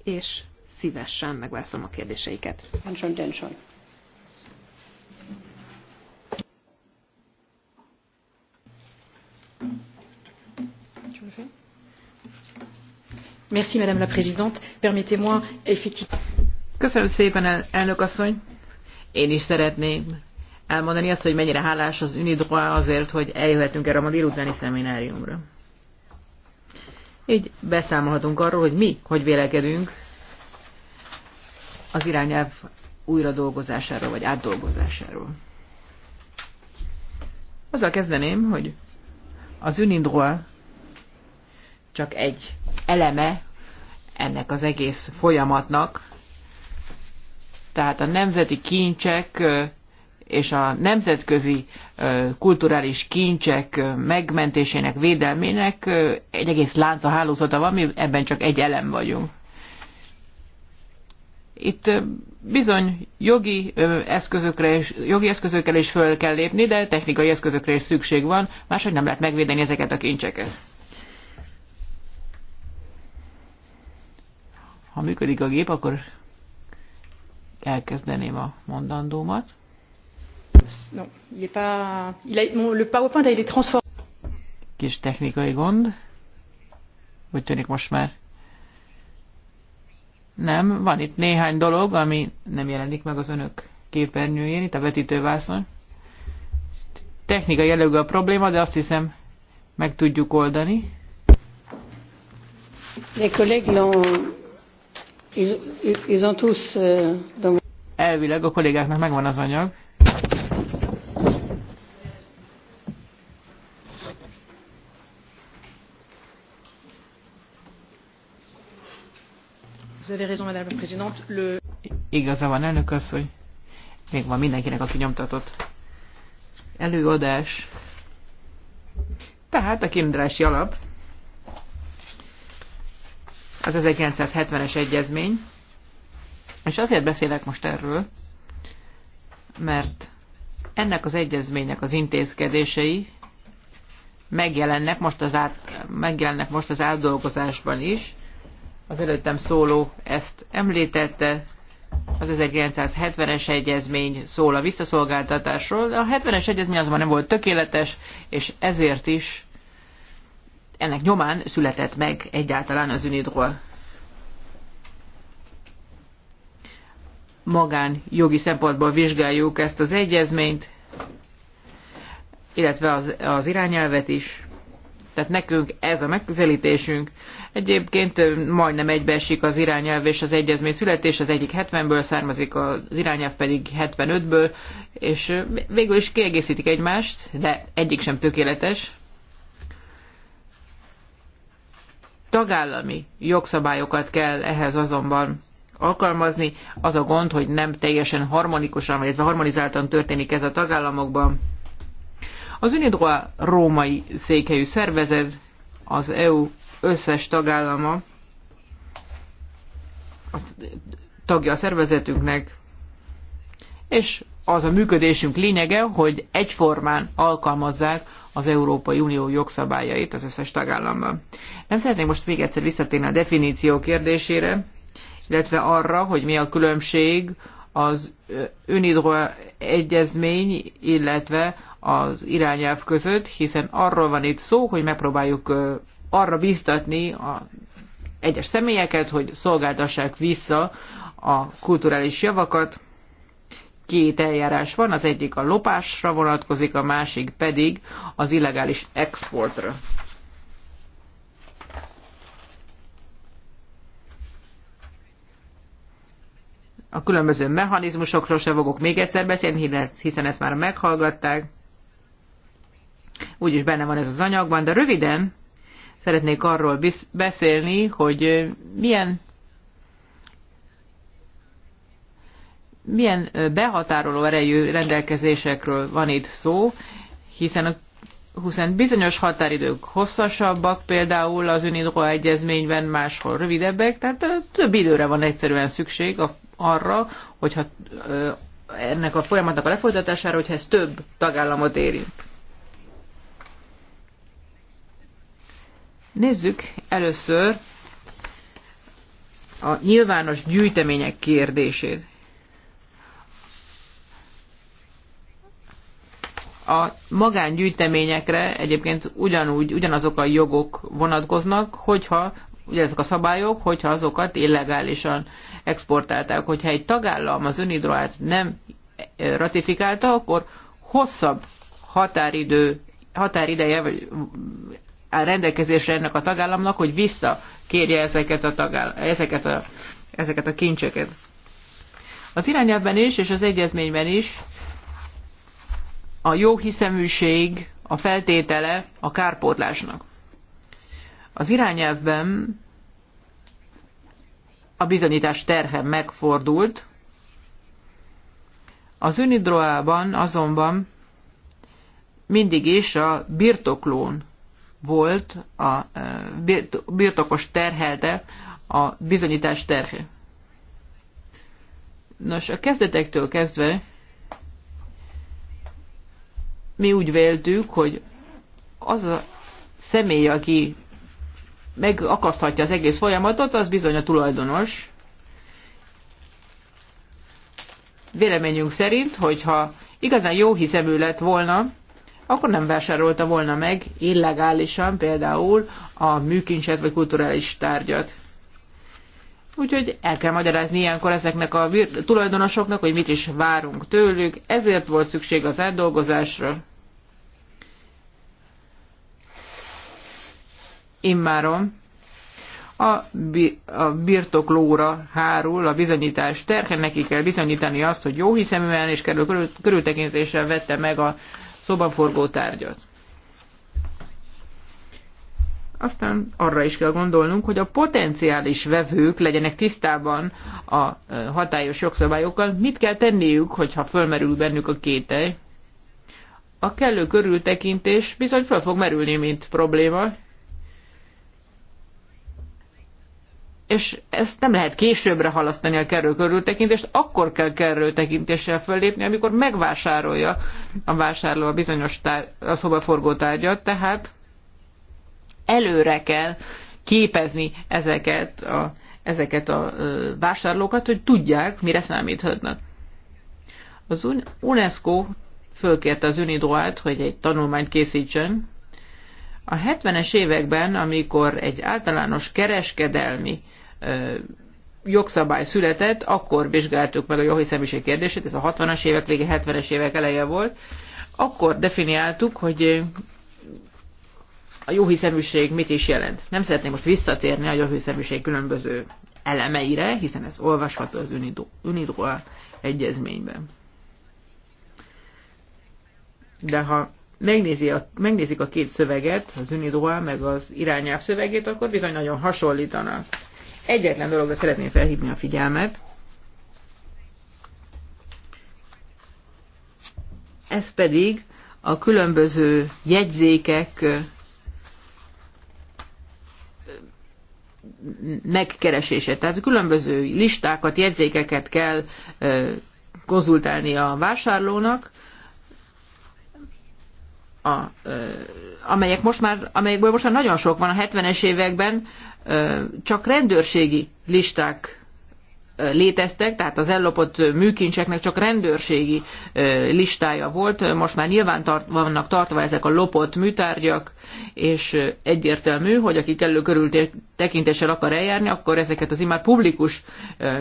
és szívesen megválaszolom a kérdéseiket. Anson, Denson. Madame la Présidente. Permettez-moi, effectivement. Köszönöm szépen, elnök asszony. Én is szeretném elmondani azt, hogy mennyire hálás az unidroit azért, hogy eljöhetünk erre a ma délutáni szemináriumra. Így beszámolhatunk arról, hogy mi, hogy vélekedünk az irányelv újra dolgozásáról, vagy átdolgozásáról. Azzal kezdeném, hogy az unidroit csak egy eleme ennek az egész folyamatnak. Tehát a nemzeti kincsek és a nemzetközi kulturális kincsek megmentésének, védelmének egy egész lánca hálózata van, mi ebben csak egy elem vagyunk. Itt bizony jogi eszközökre és, jogi eszközökkel is föl kell lépni, de technikai eszközökre is szükség van, máshogy nem lehet megvédeni ezeket a kincseket. Ha működik a gép, akkor elkezdeném a mondandómat. Non, il est pas... Il a... le PowerPoint, il est transformé. Kis technikai gond. Úgy tűnik most már. Nem, van itt néhány dolog, ami nem jelenik meg az önök képernyőjén, itt a vetítővászon. Technikai jellegű a probléma, de azt hiszem meg tudjuk oldani. Les collègues l'ont Ils ont tous, euh, Elvileg a kollégáknak megvan az anyag. Vous avez raison, Madame la Présidente. Le... Igaza van, elnök asszony. Még van mindenkinek, aki nyomtatott. Előadás. Tehát a kiindulási alap az 1970-es egyezmény, és azért beszélek most erről, mert ennek az egyezménynek az intézkedései megjelennek most az, át, megjelennek most az átdolgozásban is. Az előttem szóló ezt említette, az 1970-es egyezmény szól a visszaszolgáltatásról, de a 70-es egyezmény azonban nem volt tökéletes, és ezért is ennek nyomán született meg egyáltalán az Unidról. Magán jogi szempontból vizsgáljuk ezt az egyezményt, illetve az, az irányelvet is. Tehát nekünk ez a megközelítésünk. Egyébként majdnem egybeesik az irányelv és az egyezmény születés, az egyik 70-ből származik, az irányelv pedig 75-ből, és végül is kiegészítik egymást, de egyik sem tökéletes. Tagállami jogszabályokat kell ehhez azonban alkalmazni. Az a gond, hogy nem teljesen harmonikusan, vagy harmonizáltan történik ez a tagállamokban. Az UNIDROA római székhelyű szervezet, az EU összes tagállama, az tagja a szervezetünknek, és az a működésünk lényege, hogy egyformán alkalmazzák az Európai Unió jogszabályait az összes tagállamban. Nem szeretném most még egyszer visszatérni a definíció kérdésére, illetve arra, hogy mi a különbség az önidró egyezmény, illetve az irányelv között, hiszen arról van itt szó, hogy megpróbáljuk arra biztatni a egyes személyeket, hogy szolgáltassák vissza a kulturális javakat, két eljárás van, az egyik a lopásra vonatkozik, a másik pedig az illegális exportra. A különböző mechanizmusokról se fogok még egyszer beszélni, hiszen ezt már meghallgatták. Úgyis benne van ez az anyagban, de röviden szeretnék arról beszélni, hogy milyen milyen behatároló erejű rendelkezésekről van itt szó, hiszen a hiszen bizonyos határidők hosszasabbak, például az UNIDRO egyezményben máshol rövidebbek, tehát több időre van egyszerűen szükség arra, hogyha ennek a folyamatnak a lefolytatására, hogyha ez több tagállamot érint. Nézzük először a nyilvános gyűjtemények kérdését. a magángyűjteményekre egyébként ugyanúgy, ugyanazok a jogok vonatkoznak, hogyha ugye ezek a szabályok, hogyha azokat illegálisan exportálták. Hogyha egy tagállam az önhidroát nem ratifikálta, akkor hosszabb határidő, határideje vagy áll rendelkezésre ennek a tagállamnak, hogy visszakérje ezeket a, tagáll- ezeket a, ezeket a kincseket. Az irányelvben is és az egyezményben is a jó hiszeműség a feltétele a kárpótlásnak. Az irányelvben a bizonyítás terhe megfordult, az Unidroában azonban mindig is a birtoklón volt, a e, birtokos terhelte a bizonyítás terhe. Nos, a kezdetektől kezdve mi úgy véltük, hogy az a személy, aki megakaszthatja az egész folyamatot, az bizony a tulajdonos. Véleményünk szerint, hogyha igazán jó hiszemű lett volna, akkor nem vásárolta volna meg illegálisan például a műkincset vagy kulturális tárgyat. Úgyhogy el kell magyarázni ilyenkor ezeknek a tulajdonosoknak, hogy mit is várunk tőlük, ezért volt szükség az átdolgozásra. immáron a, bi- a birtoklóra hárul a bizonyítás terhe, neki kell bizonyítani azt, hogy jó hiszeműen és kerül körül, körültekintéssel vette meg a szobaforgó tárgyat. Aztán arra is kell gondolnunk, hogy a potenciális vevők legyenek tisztában a hatályos jogszabályokkal, mit kell tenniük, hogyha fölmerül bennük a kételj. A kellő körültekintés bizony föl fog merülni, mint probléma, és ezt nem lehet későbbre halasztani a kerül körültekintést, akkor kell kerül tekintéssel fölépni, amikor megvásárolja a vásárló a bizonyos tár, a szobaforgó tárgyat, tehát előre kell képezni ezeket a, ezeket a vásárlókat, hogy tudják, mire számíthatnak. Az UNESCO fölkérte az unidoa hogy egy tanulmányt készítsen. A 70-es években, amikor egy általános kereskedelmi jogszabály született, akkor vizsgáltuk meg a jóhiszeműség kérdését, ez a 60-as évek vége, 70-es évek eleje volt, akkor definiáltuk, hogy a jóhiszeműség mit is jelent. Nem szeretném most visszatérni a jóhiszeműség különböző elemeire, hiszen ez olvasható az UNIDOA egyezményben. De ha megnézi a, megnézik a két szöveget, az UNIDOA meg az irányelv szövegét, akkor bizony nagyon hasonlítanak. Egyetlen dologra szeretném felhívni a figyelmet, ez pedig a különböző jegyzékek megkeresése. Tehát különböző listákat, jegyzékeket kell konzultálni a vásárlónak, a, amelyek most már, amelyekből most már nagyon sok van a 70-es években, csak rendőrségi listák léteztek, tehát az ellopott műkincseknek csak rendőrségi listája volt. Most már nyilván tart, vannak tartva ezek a lopott műtárgyak, és egyértelmű, hogy aki kellő tekintéssel akar eljárni, akkor ezeket az imád publikus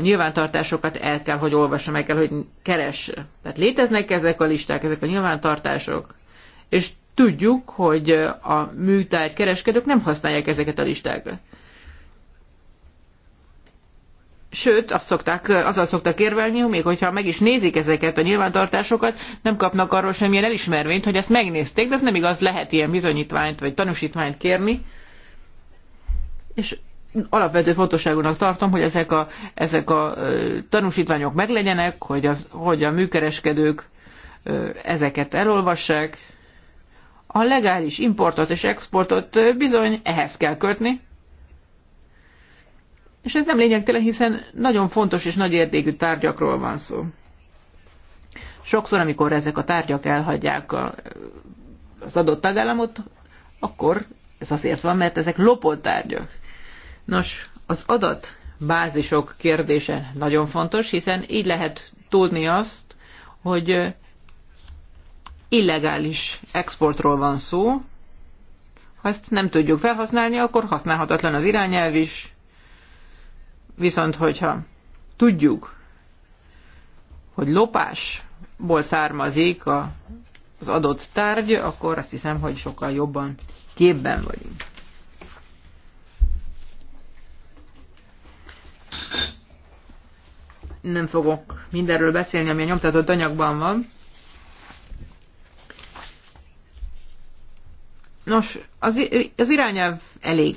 nyilvántartásokat el kell, hogy olvassa, meg kell, hogy keres. Tehát léteznek ezek a listák, ezek a nyilvántartások, és tudjuk, hogy a műtárgy kereskedők nem használják ezeket a listákat. Sőt, azt szokták, azzal szoktak érvelni, hogy még hogyha meg is nézik ezeket a nyilvántartásokat, nem kapnak arról semmilyen elismervényt, hogy ezt megnézték, de ez nem igaz, lehet ilyen bizonyítványt vagy tanúsítványt kérni. És alapvető fontosságúnak tartom, hogy ezek a, ezek a tanúsítványok meglegyenek, hogy, az, hogy a műkereskedők ezeket elolvassák. A legális importot és exportot bizony ehhez kell kötni, és ez nem lényegtelen, hiszen nagyon fontos és nagy értékű tárgyakról van szó. Sokszor, amikor ezek a tárgyak elhagyják a, az adott tagállamot, akkor ez azért van, mert ezek lopott tárgyak. Nos, az adatbázisok kérdése nagyon fontos, hiszen így lehet tudni azt, hogy illegális exportról van szó. Ha ezt nem tudjuk felhasználni, akkor használhatatlan az irányelv is, Viszont, hogyha tudjuk, hogy lopásból származik a, az adott tárgy, akkor azt hiszem, hogy sokkal jobban képben vagyunk. Nem fogok mindenről beszélni, ami a nyomtatott anyagban van. Nos, az, az irányelv elég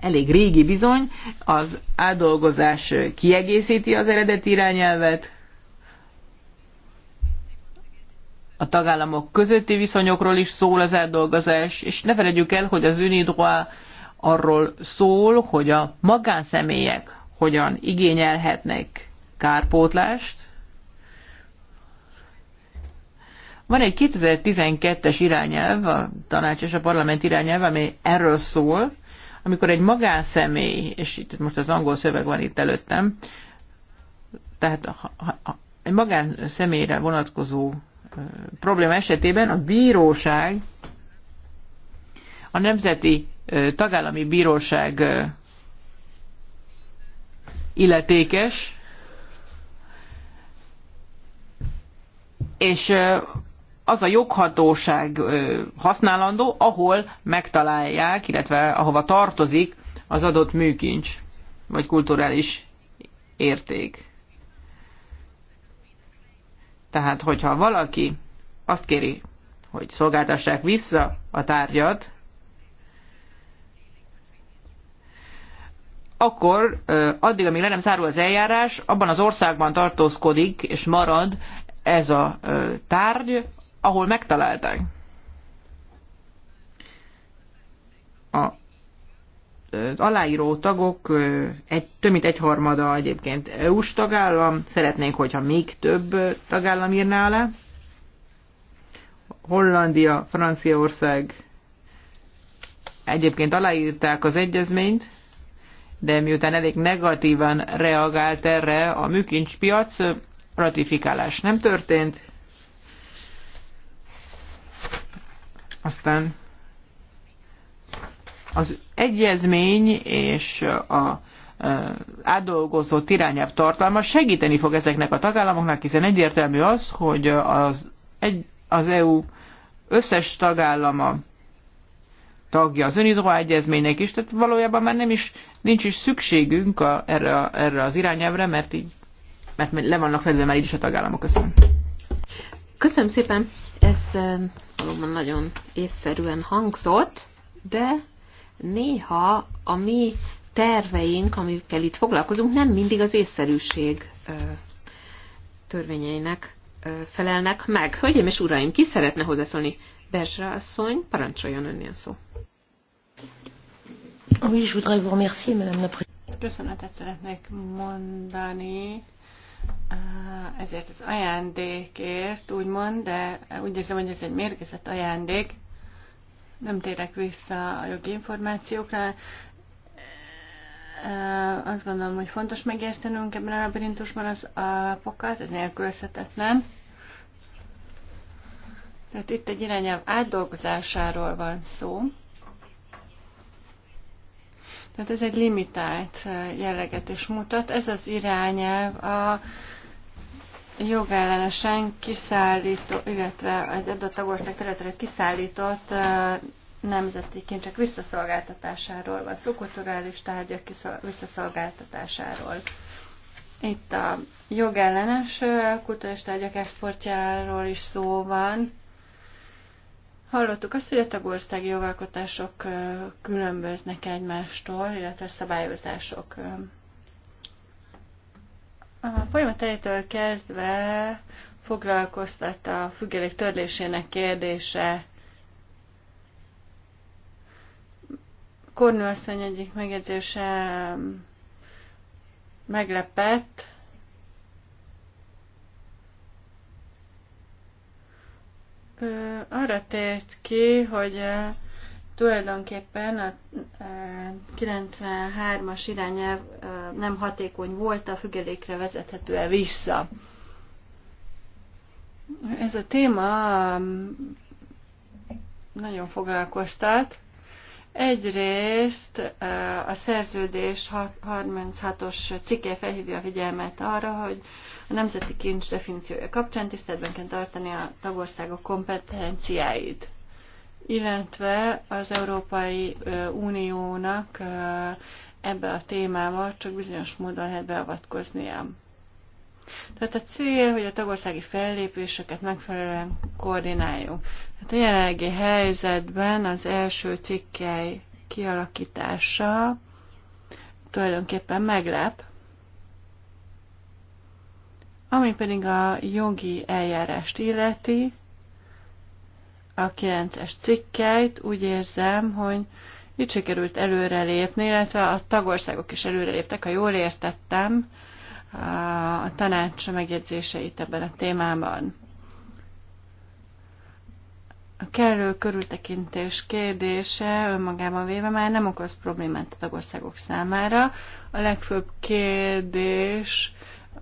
elég régi bizony, az átdolgozás kiegészíti az eredeti irányelvet, a tagállamok közötti viszonyokról is szól az átdolgozás, és ne felejtjük el, hogy az UNIDROA arról szól, hogy a magánszemélyek hogyan igényelhetnek kárpótlást. Van egy 2012-es irányelv, a tanács és a parlament irányelv, ami erről szól, amikor egy magánszemély, és itt most az angol szöveg van itt előttem, tehát a, a, egy magánszemélyre vonatkozó ö, probléma esetében a bíróság, a Nemzeti ö, Tagállami Bíróság ö, illetékes, és az a joghatóság használandó, ahol megtalálják, illetve ahova tartozik az adott műkincs, vagy kulturális érték. Tehát, hogyha valaki azt kéri, hogy szolgáltassák vissza a tárgyat, akkor addig, amíg le nem zárul az eljárás, abban az országban tartózkodik és marad ez a tárgy, ahol megtalálták. A az aláíró tagok egy, több mint egyharmada egyébként EU-s tagállam, szeretnénk, hogyha még több tagállam írná alá. Hollandia, Franciaország egyébként aláírták az egyezményt, de miután elég negatívan reagált erre a műkincspiac, ratifikálás nem történt, Aztán az egyezmény és a átdolgozott irányelv tartalma segíteni fog ezeknek a tagállamoknak, hiszen egyértelmű az, hogy az, egy, az EU összes tagállama tagja az önidóa egyezménynek is, tehát valójában már nem is, nincs is szükségünk a, erre, erre az irányelvre, mert így mert le vannak fedve már így is a tagállamok. Köszönöm. Köszönöm szépen. Ez valóban nagyon észszerűen hangzott, de néha a mi terveink, amikkel itt foglalkozunk, nem mindig az észszerűség törvényeinek felelnek meg. Hölgyeim és uraim, ki szeretne hozzászólni? Berzsra asszony, parancsoljon önnél szó. Oui, je voudrais vous remercier, Madame la Présidente. Köszönetet szeretnék mondani ezért az ajándékért, úgymond, de úgy érzem, hogy ez egy mérgezett ajándék. Nem térek vissza a jogi információkra. Azt gondolom, hogy fontos megértenünk ebben a labirintusban az pokat, ez nélkülözhetetlen. Tehát itt egy irányelv átdolgozásáról van szó. Tehát ez egy limitált jelleget is mutat. Ez az irányelv a jogellenesen kiszállító, illetve egy adott tagország területre kiszállított nemzeti kincsek visszaszolgáltatásáról van szó, tárgyak visszaszolgáltatásáról. Itt a jogellenes kulturális tárgyak exportjáról is szó van, Hallottuk azt, hogy a tagországi jogalkotások különböznek egymástól, illetve szabályozások. A folyamat elétől kezdve foglalkoztat a függelék törlésének kérdése. Kornő asszony egyik megjegyzése meglepett, arra tért ki, hogy tulajdonképpen a 93-as irányelv nem hatékony volt, a függelékre vezethető -e vissza. Ez a téma nagyon foglalkoztat. Egyrészt a szerződés 36-os cikke felhívja a figyelmet arra, hogy a nemzeti kincs definíciója kapcsán tiszteletben kell tartani a tagországok kompetenciáit, illetve az Európai Uniónak ebbe a témába csak bizonyos módon lehet beavatkoznia. Tehát a cél, hogy a tagországi fellépéseket megfelelően koordináljuk. Tehát a jelenlegi helyzetben az első cikkely kialakítása tulajdonképpen meglep, ami pedig a jogi eljárást illeti, a 9-es cikkeit, úgy érzem, hogy itt sikerült előrelépni, illetve a tagországok is előreléptek, ha jól értettem a tanács megjegyzéseit ebben a témában. A kellő körültekintés kérdése önmagában véve már nem okoz problémát a tagországok számára. A legfőbb kérdés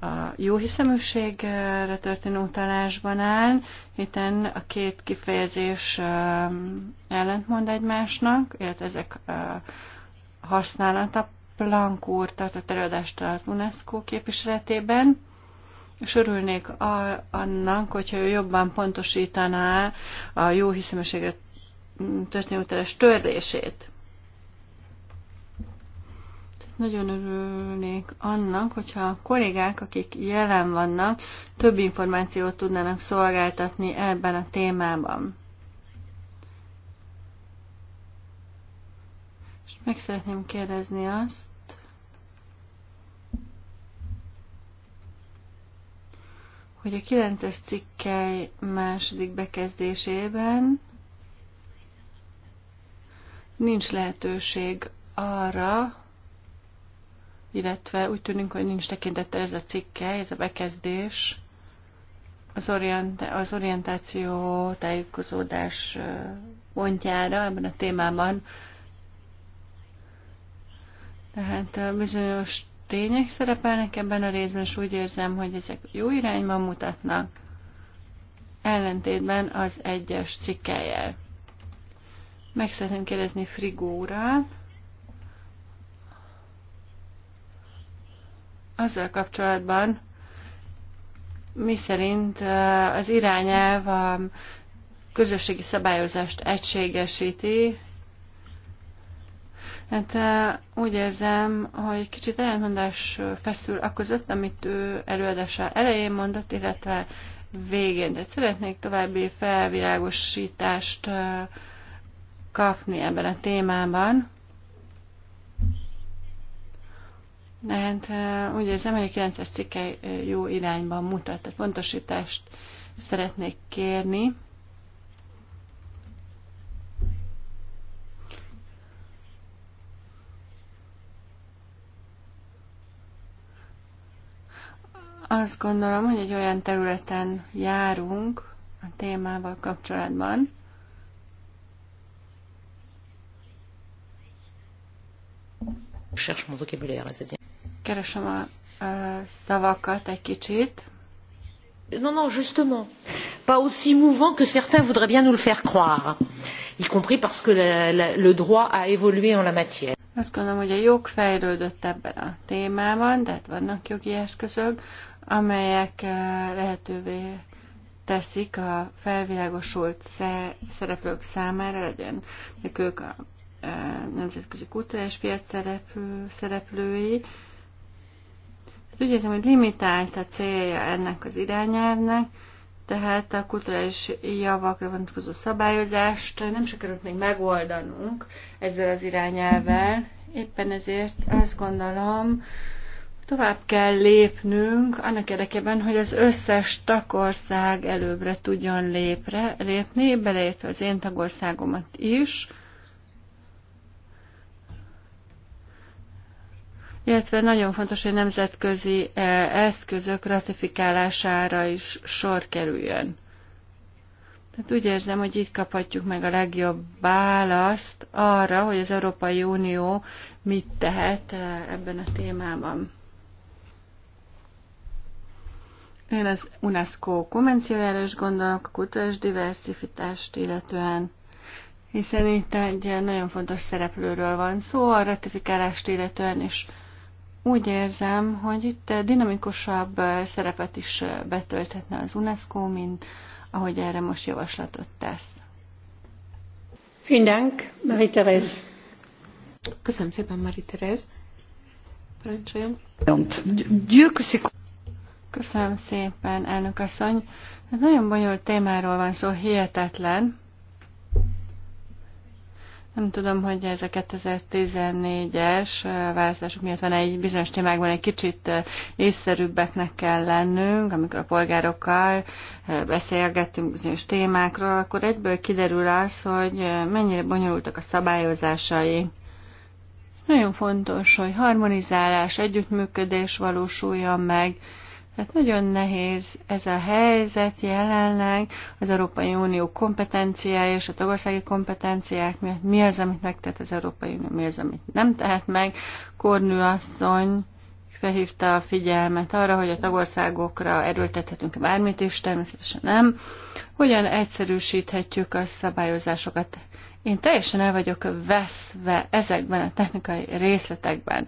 a hiszeműségre történő utalásban áll, hiszen a két kifejezés ellentmond egymásnak, illetve ezek használata. Plankúr úr tartott előadást az UNESCO képviseletében, és örülnék a, annak, hogyha ő jobban pontosítaná a jó hiszeműségre történő törlését. Nagyon örülnék annak, hogyha a kollégák, akik jelen vannak, több információt tudnának szolgáltatni ebben a témában. És meg szeretném kérdezni azt, hogy a 9-es cikkely második bekezdésében nincs lehetőség arra, illetve úgy tűnik, hogy nincs tekintettel ez a cikke, ez a bekezdés. Az, orient, az orientáció tájékozódás pontjára ebben a témában. Tehát bizonyos tények szerepelnek ebben a részben, és úgy érzem, hogy ezek jó irányban mutatnak, ellentétben az egyes cikkeljel. Meg szeretném kérdezni Frigórát, azzal kapcsolatban, mi szerint eh, az irányelv a közösségi szabályozást egységesíti. Hát eh, úgy érzem, hogy kicsit ellentmondás feszül a között, amit ő előadása elején mondott, illetve végén. De szeretnék további felvilágosítást eh, kapni ebben a témában. De hát úgy érzem, hogy a 9-es cikke jó irányban mutat, tehát pontosítást szeretnék kérni. Azt gondolom, hogy egy olyan területen járunk a témával kapcsolatban, cherche mon vocabulaire, c'est-à-dire Keresem a, a szavakat egy kicsit. Non, non, justement, pas aussi mouvant que certains voudraient bien nous le faire croire, y compris parce que le, le, le droit a évolué en la matière. Azt gondolom, hogy a jog fejlődött ebben a témában, tehát vannak jogi eszközök, amelyek eh, lehetővé teszik a felvilágosult szereplők számára, legyen ők a eh, nemzetközi kultúrás piac szereplő, szereplői, tehát úgy érzem, hogy limitált a célja ennek az irányelvnek, tehát a kulturális javakra vonatkozó szabályozást nem sikerült még megoldanunk ezzel az irányelvel. Éppen ezért azt gondolom, tovább kell lépnünk annak érdekében, hogy az összes tagország előbbre tudjon lépre, lépni, beleértve az én tagországomat is, illetve nagyon fontos, hogy nemzetközi eh, eszközök ratifikálására is sor kerüljön. Tehát úgy érzem, hogy így kaphatjuk meg a legjobb választ arra, hogy az Európai Unió mit tehet eh, ebben a témában. Én az UNESCO konvenciójára is gondolok, a kulturális diversifitást illetően, hiszen itt egy nagyon fontos szereplőről van szó, a ratifikálást illetően is. És úgy érzem, hogy itt dinamikusabb szerepet is betölthetne az UNESCO, mint ahogy erre most javaslatot tesz. Dank, Marie-Thérèse. Köszönöm szépen, Marie-Thérèse. Parancsoljon. Köszönöm szépen, elnök asszony. Hát nagyon bonyolult témáról van szó, hihetetlen. Nem tudom, hogy ez a 2014-es eh, választások miatt van egy bizonyos témákban egy kicsit eh, észszerűbbeknek kell lennünk, amikor a polgárokkal eh, beszélgettünk bizonyos témákról, akkor egyből kiderül az, hogy mennyire bonyolultak a szabályozásai. Nagyon fontos, hogy harmonizálás, együttműködés valósuljon meg, Hát nagyon nehéz ez a helyzet jelenleg az Európai Unió kompetenciája és a tagországi kompetenciák miatt. Mi az, amit megtett az Európai Unió, mi az, amit nem tehet meg. Kornő asszony felhívta a figyelmet arra, hogy a tagországokra erőltethetünk -e bármit is, természetesen nem. Hogyan egyszerűsíthetjük a szabályozásokat? Én teljesen el vagyok veszve ezekben a technikai részletekben.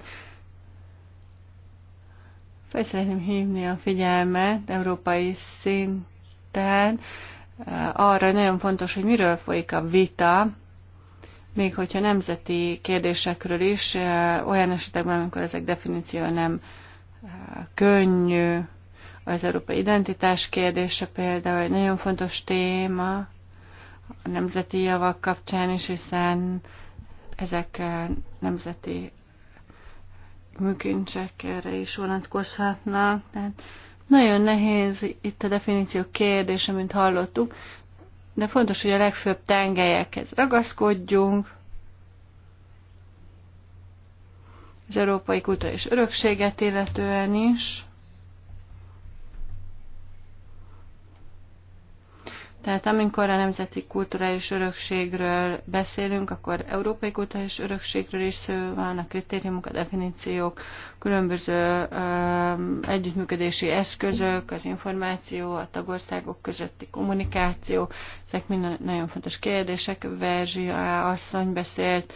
Fel szeretném hívni a figyelmet európai szinten eh, arra nagyon fontos, hogy miről folyik a vita, még hogyha nemzeti kérdésekről is, eh, olyan esetekben, amikor ezek definíció nem eh, könnyű, az európai identitás kérdése például egy nagyon fontos téma a nemzeti javak kapcsán is, hiszen ezek nemzeti műkincsek erre is vonatkozhatnak. Tehát nagyon nehéz itt a definíció kérdése, mint hallottuk, de fontos, hogy a legfőbb tengelyekhez ragaszkodjunk, az európai és örökséget illetően is. Tehát amikor a nemzeti kulturális örökségről beszélünk, akkor európai kulturális örökségről is szó van, a kritériumok, a definíciók, különböző ö, együttműködési eszközök, az információ, a tagországok közötti kommunikáció, ezek mind nagyon fontos kérdések. Verzsia asszony beszélt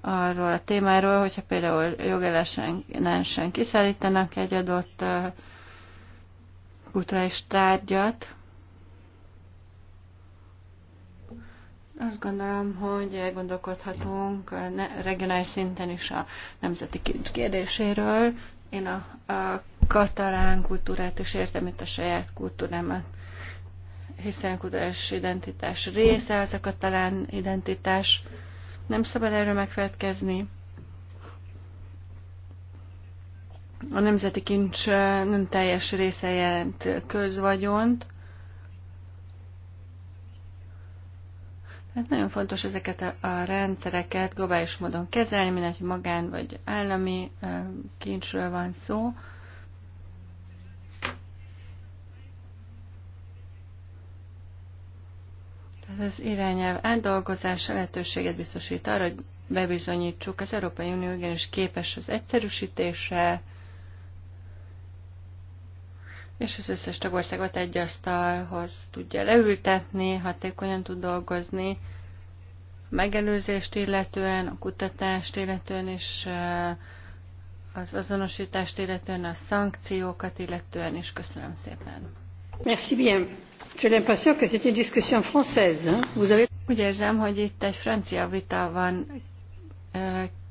arról a témáról, hogyha például jogelesen kiszállítanak egy adott ö, kulturális tárgyat, Azt gondolom, hogy gondolkodhatunk regionális szinten is a nemzeti kincs kérdéséről. Én a, a katalán kultúrát is értem, mint a saját kultúrámat, hiszen a kulturális identitás része az a katalán identitás. Nem szabad erről megfelelkezni. A nemzeti kincs nem teljes része jelent közvagyont, Hát nagyon fontos ezeket a, a rendszereket globális módon kezelni, mint egy magán vagy állami kincsről van szó. Tehát az irányelv átdolgozása lehetőséget biztosít arra, hogy bebizonyítsuk, az Európai Unió igenis képes az egyszerűsítésre, és az összes tagországot egy asztalhoz tudja leültetni, hatékonyan tud dolgozni, megelőzést illetően, a kutatást illetően, és az azonosítást illetően, a szankciókat illetően is. Köszönöm szépen. Merci bien. J'ai l'impression que c'est une discussion française. Hein? Vous avez... Úgy érzem, hogy itt egy francia vita van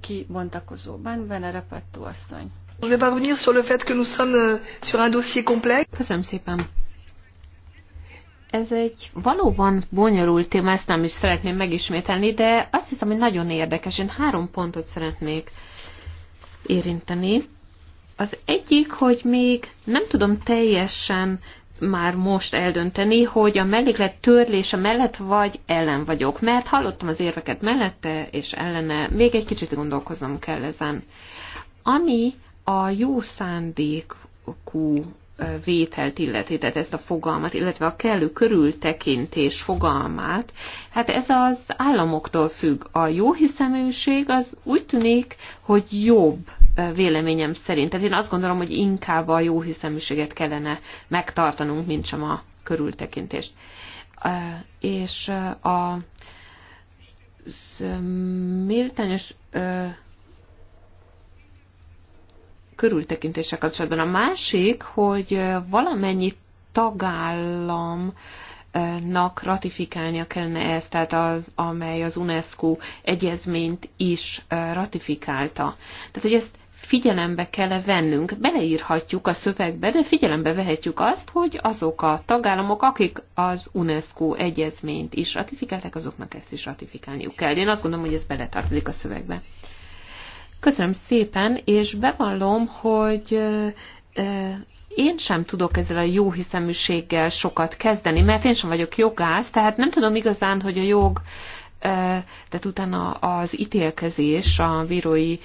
kibontakozóban, Venere Pattó asszony. Je vais pas revenir sur le fait que nous sommes euh, sur un dossier complexe. Köszönöm szépen. Ez egy valóban bonyolult téma, ezt nem is szeretném megismételni, de azt hiszem, hogy nagyon érdekes. Én három pontot szeretnék érinteni. Az egyik, hogy még nem tudom teljesen már most eldönteni, hogy a melléklet törlése mellett vagy ellen vagyok, mert hallottam az érveket mellette és ellene, még egy kicsit gondolkoznom kell ezen. Ami a jó szándékú vételt illeti, tehát ezt a fogalmat, illetve a kellő körültekintés fogalmát, hát ez az államoktól függ. A jó hiszeműség az úgy tűnik, hogy jobb véleményem szerint. Tehát én azt gondolom, hogy inkább a jó hiszeműséget kellene megtartanunk, mint sem a körültekintést. És a méltányos körültekintéssel kapcsolatban. A másik, hogy valamennyi tagállam nak ratifikálnia kellene ezt, tehát a, amely az UNESCO egyezményt is ratifikálta. Tehát, hogy ezt figyelembe kell vennünk, beleírhatjuk a szövegbe, de figyelembe vehetjük azt, hogy azok a tagállamok, akik az UNESCO egyezményt is ratifikálták, azoknak ezt is ratifikálniuk kell. Én azt gondolom, hogy ez beletartozik a szövegbe. Köszönöm szépen, és bevallom, hogy én sem tudok ezzel a jó hiszeműséggel sokat kezdeni, mert én sem vagyok jogász, tehát nem tudom igazán, hogy a jog tehát utána az ítélkezés, a vírói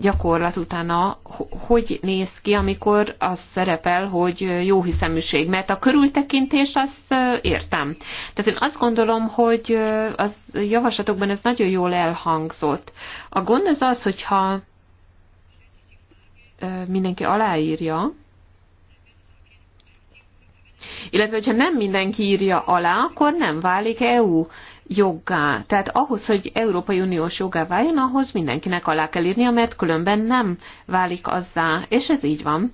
gyakorlat utána hogy néz ki, amikor az szerepel, hogy jó hiszeműség, mert a körültekintés azt értem. Tehát én azt gondolom, hogy az javaslatokban ez nagyon jól elhangzott. A gond az az, hogyha mindenki aláírja, illetve hogyha nem mindenki írja alá, akkor nem válik EU joggá. Tehát ahhoz, hogy Európai Uniós joggá váljon, ahhoz mindenkinek alá kell írnia, mert különben nem válik azzá, és ez így van.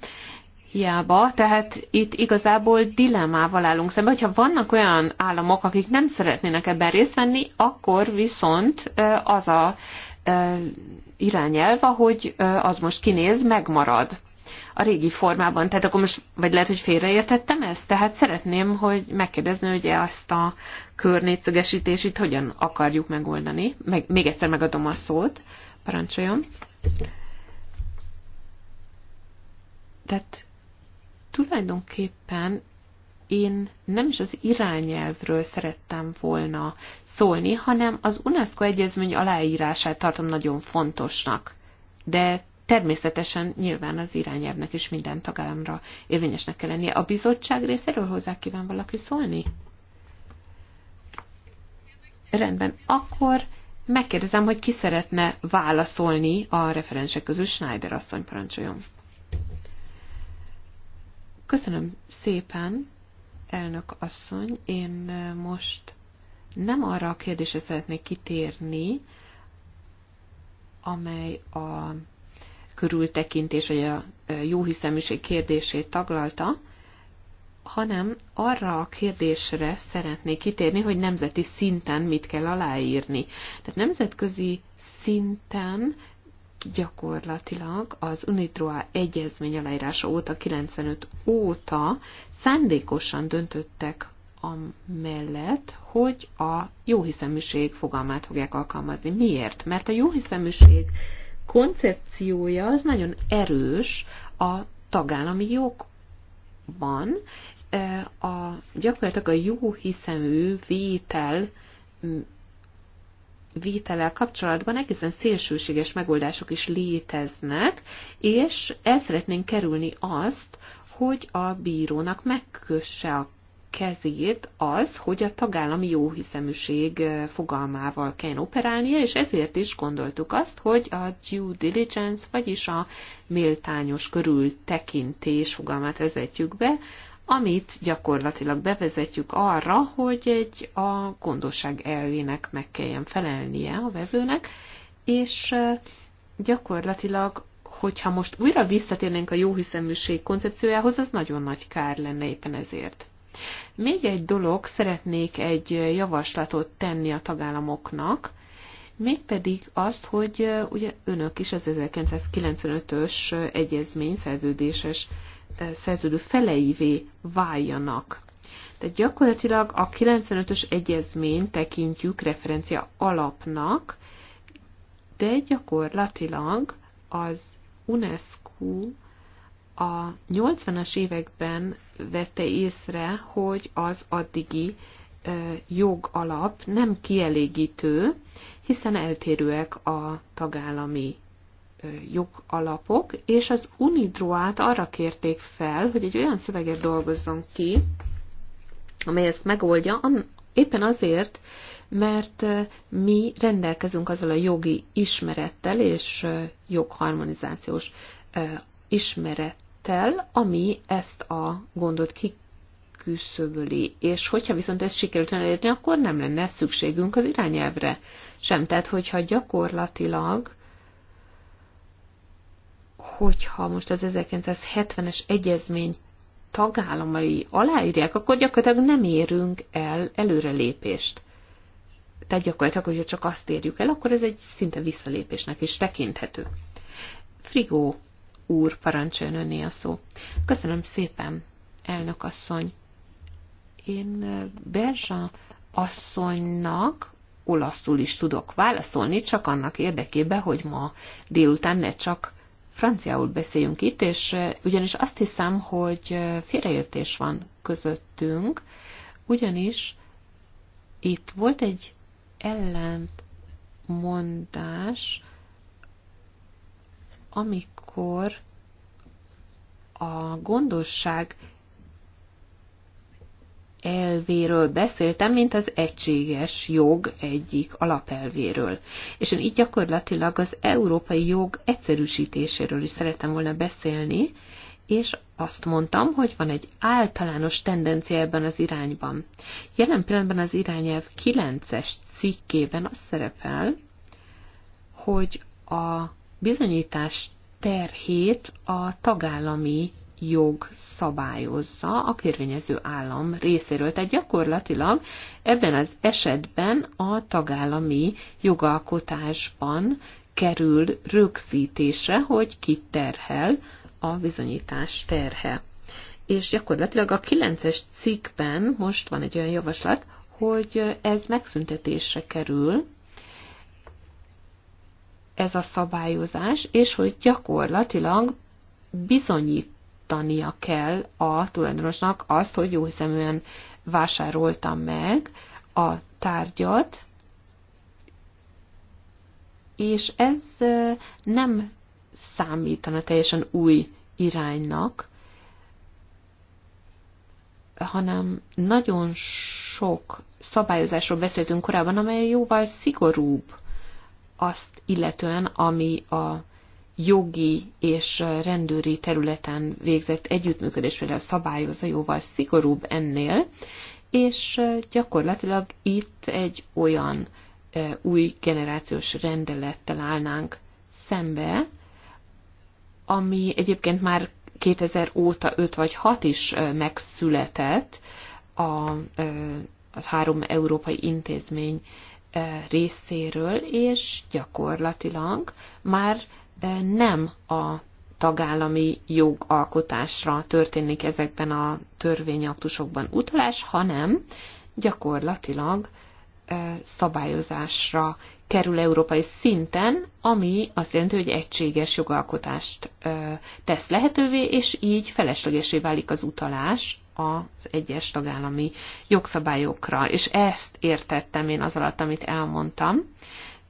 Hiába, tehát itt igazából dilemmával állunk szembe, hogyha vannak olyan államok, akik nem szeretnének ebben részt venni, akkor viszont az a irányelv, ahogy az most kinéz, megmarad a régi formában. Tehát akkor most, vagy lehet, hogy félreértettem ezt? Tehát szeretném, hogy megkérdezni, hogy ezt a körnégyszögesítését hogyan akarjuk megoldani. Meg, még egyszer megadom a szót. Parancsoljon. Tehát tulajdonképpen én nem is az irányelvről szerettem volna szólni, hanem az UNESCO egyezmény aláírását tartom nagyon fontosnak. De természetesen nyilván az irányelvnek is minden tagállamra érvényesnek kell lennie. A bizottság részéről hozzá kíván valaki szólni? Rendben, akkor megkérdezem, hogy ki szeretne válaszolni a referensek közül. Schneider asszony parancsoljon. Köszönöm szépen, elnök asszony. Én most nem arra a kérdésre szeretnék kitérni, amely a körültekintés, vagy a jóhiszeműség kérdését taglalta, hanem arra a kérdésre szeretnék kitérni, hogy nemzeti szinten mit kell aláírni. Tehát nemzetközi szinten gyakorlatilag az UNITROA egyezmény aláírása óta, 95 óta szándékosan döntöttek amellett, hogy a jóhiszeműség fogalmát fogják alkalmazni. Miért? Mert a jóhiszeműség koncepciója az nagyon erős a tagállami jogban, a, gyakorlatilag a jó hiszemű vétel vétellel kapcsolatban egészen szélsőséges megoldások is léteznek, és el szeretnénk kerülni azt, hogy a bírónak megkösse a kezét az, hogy a tagállami jóhiszeműség fogalmával kell operálnia, és ezért is gondoltuk azt, hogy a due diligence, vagyis a méltányos körültekintés fogalmát vezetjük be, amit gyakorlatilag bevezetjük arra, hogy egy a gondosság elvének meg kelljen felelnie a vevőnek, és gyakorlatilag hogyha most újra visszatérnénk a jóhiszeműség koncepciójához, az nagyon nagy kár lenne éppen ezért. Még egy dolog, szeretnék egy javaslatot tenni a tagállamoknak, mégpedig azt, hogy ugye önök is az 1995-ös egyezmény szerződéses szerződő feleivé váljanak. Tehát gyakorlatilag a 95-ös egyezményt tekintjük referencia alapnak, de gyakorlatilag az UNESCO a 80-as években vette észre, hogy az addigi jogalap nem kielégítő, hiszen eltérőek a tagállami jogalapok, és az Unidroát arra kérték fel, hogy egy olyan szöveget dolgozzon ki, amely ezt megoldja, éppen azért, mert mi rendelkezünk azzal a jogi ismerettel és jogharmonizációs ismerettel, ami ezt a gondot kiküszöböli. És hogyha viszont ezt sikerült elérni, akkor nem lenne szükségünk az irányelvre sem. Tehát, hogyha gyakorlatilag hogyha most az 1970-es egyezmény tagállamai aláírják, akkor gyakorlatilag nem érünk el előrelépést. Tehát gyakorlatilag, hogyha csak azt érjük el, akkor ez egy szinte visszalépésnek is tekinthető. Frigó úr, parancsoljon önné a szó. Köszönöm szépen, elnök asszony. Én eh, Berzsa asszonynak olaszul is tudok válaszolni, csak annak érdekében, hogy ma délután ne csak franciául beszéljünk itt, és eh, ugyanis azt hiszem, hogy eh, félreértés van közöttünk, ugyanis itt volt egy ellentmondás amikor a gondosság elvéről beszéltem, mint az egységes jog egyik alapelvéről. És én így gyakorlatilag az európai jog egyszerűsítéséről is szerettem volna beszélni, és azt mondtam, hogy van egy általános tendencia ebben az irányban. Jelen pillanatban az irányelv 9-es cikkében az szerepel, hogy a bizonyítás terhét a tagállami jog szabályozza a kérvényező állam részéről. Tehát gyakorlatilag ebben az esetben a tagállami jogalkotásban kerül rögzítése, hogy ki terhel a bizonyítás terhe. És gyakorlatilag a 9-es cikkben most van egy olyan javaslat, hogy ez megszüntetésre kerül, ez a szabályozás, és hogy gyakorlatilag bizonyítania kell a tulajdonosnak azt, hogy jóhiszeműen vásárolta meg a tárgyat, és ez nem számítana teljesen új iránynak, hanem nagyon sok szabályozásról beszéltünk korábban, amely jóval szigorúbb azt illetően, ami a jogi és rendőri területen végzett együttműködés, a szabályozza jóval szigorúbb ennél, és gyakorlatilag itt egy olyan új generációs rendelettel állnánk szembe, ami egyébként már 2000 óta 5 vagy 6 is megszületett a, a három európai intézmény E, részéről, és gyakorlatilag már e, nem a tagállami jogalkotásra történik ezekben a törvényaktusokban utalás, hanem gyakorlatilag e, szabályozásra kerül európai szinten, ami azt jelenti, hogy egységes jogalkotást tesz lehetővé, és így feleslegesé válik az utalás az egyes tagállami jogszabályokra, és ezt értettem én az alatt, amit elmondtam.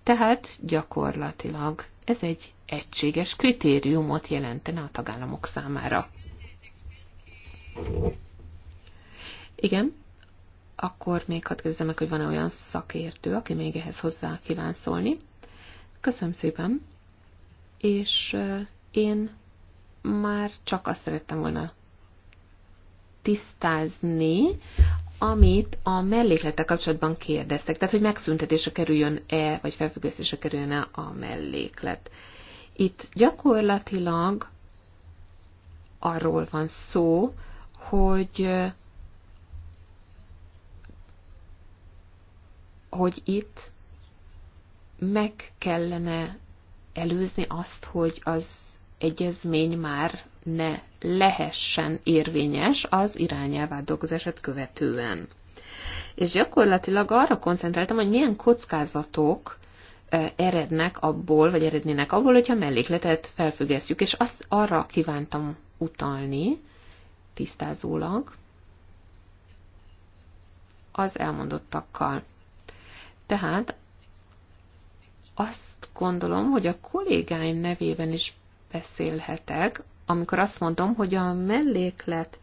Tehát gyakorlatilag ez egy egységes kritériumot jelentene a tagállamok számára. Igen, akkor még hadd kérdezem meg, hogy van-e olyan szakértő, aki még ehhez hozzá kíván szólni. Köszönöm szépen, és én már csak azt szerettem volna tisztázni, amit a melléklettel kapcsolatban kérdeztek, tehát hogy megszüntetése kerüljön-e, vagy felfüggesztése kerüljön-e a melléklet. Itt gyakorlatilag arról van szó, hogy hogy itt meg kellene előzni azt, hogy az egyezmény már ne lehessen érvényes az irányelv átdolgozását követően. És gyakorlatilag arra koncentráltam, hogy milyen kockázatok erednek abból, vagy erednének abból, hogyha mellékletet felfüggesztjük, és azt arra kívántam utalni, tisztázólag, az elmondottakkal. Tehát azt gondolom, hogy a kollégáim nevében is beszélhetek, amikor azt mondom, hogy a melléklet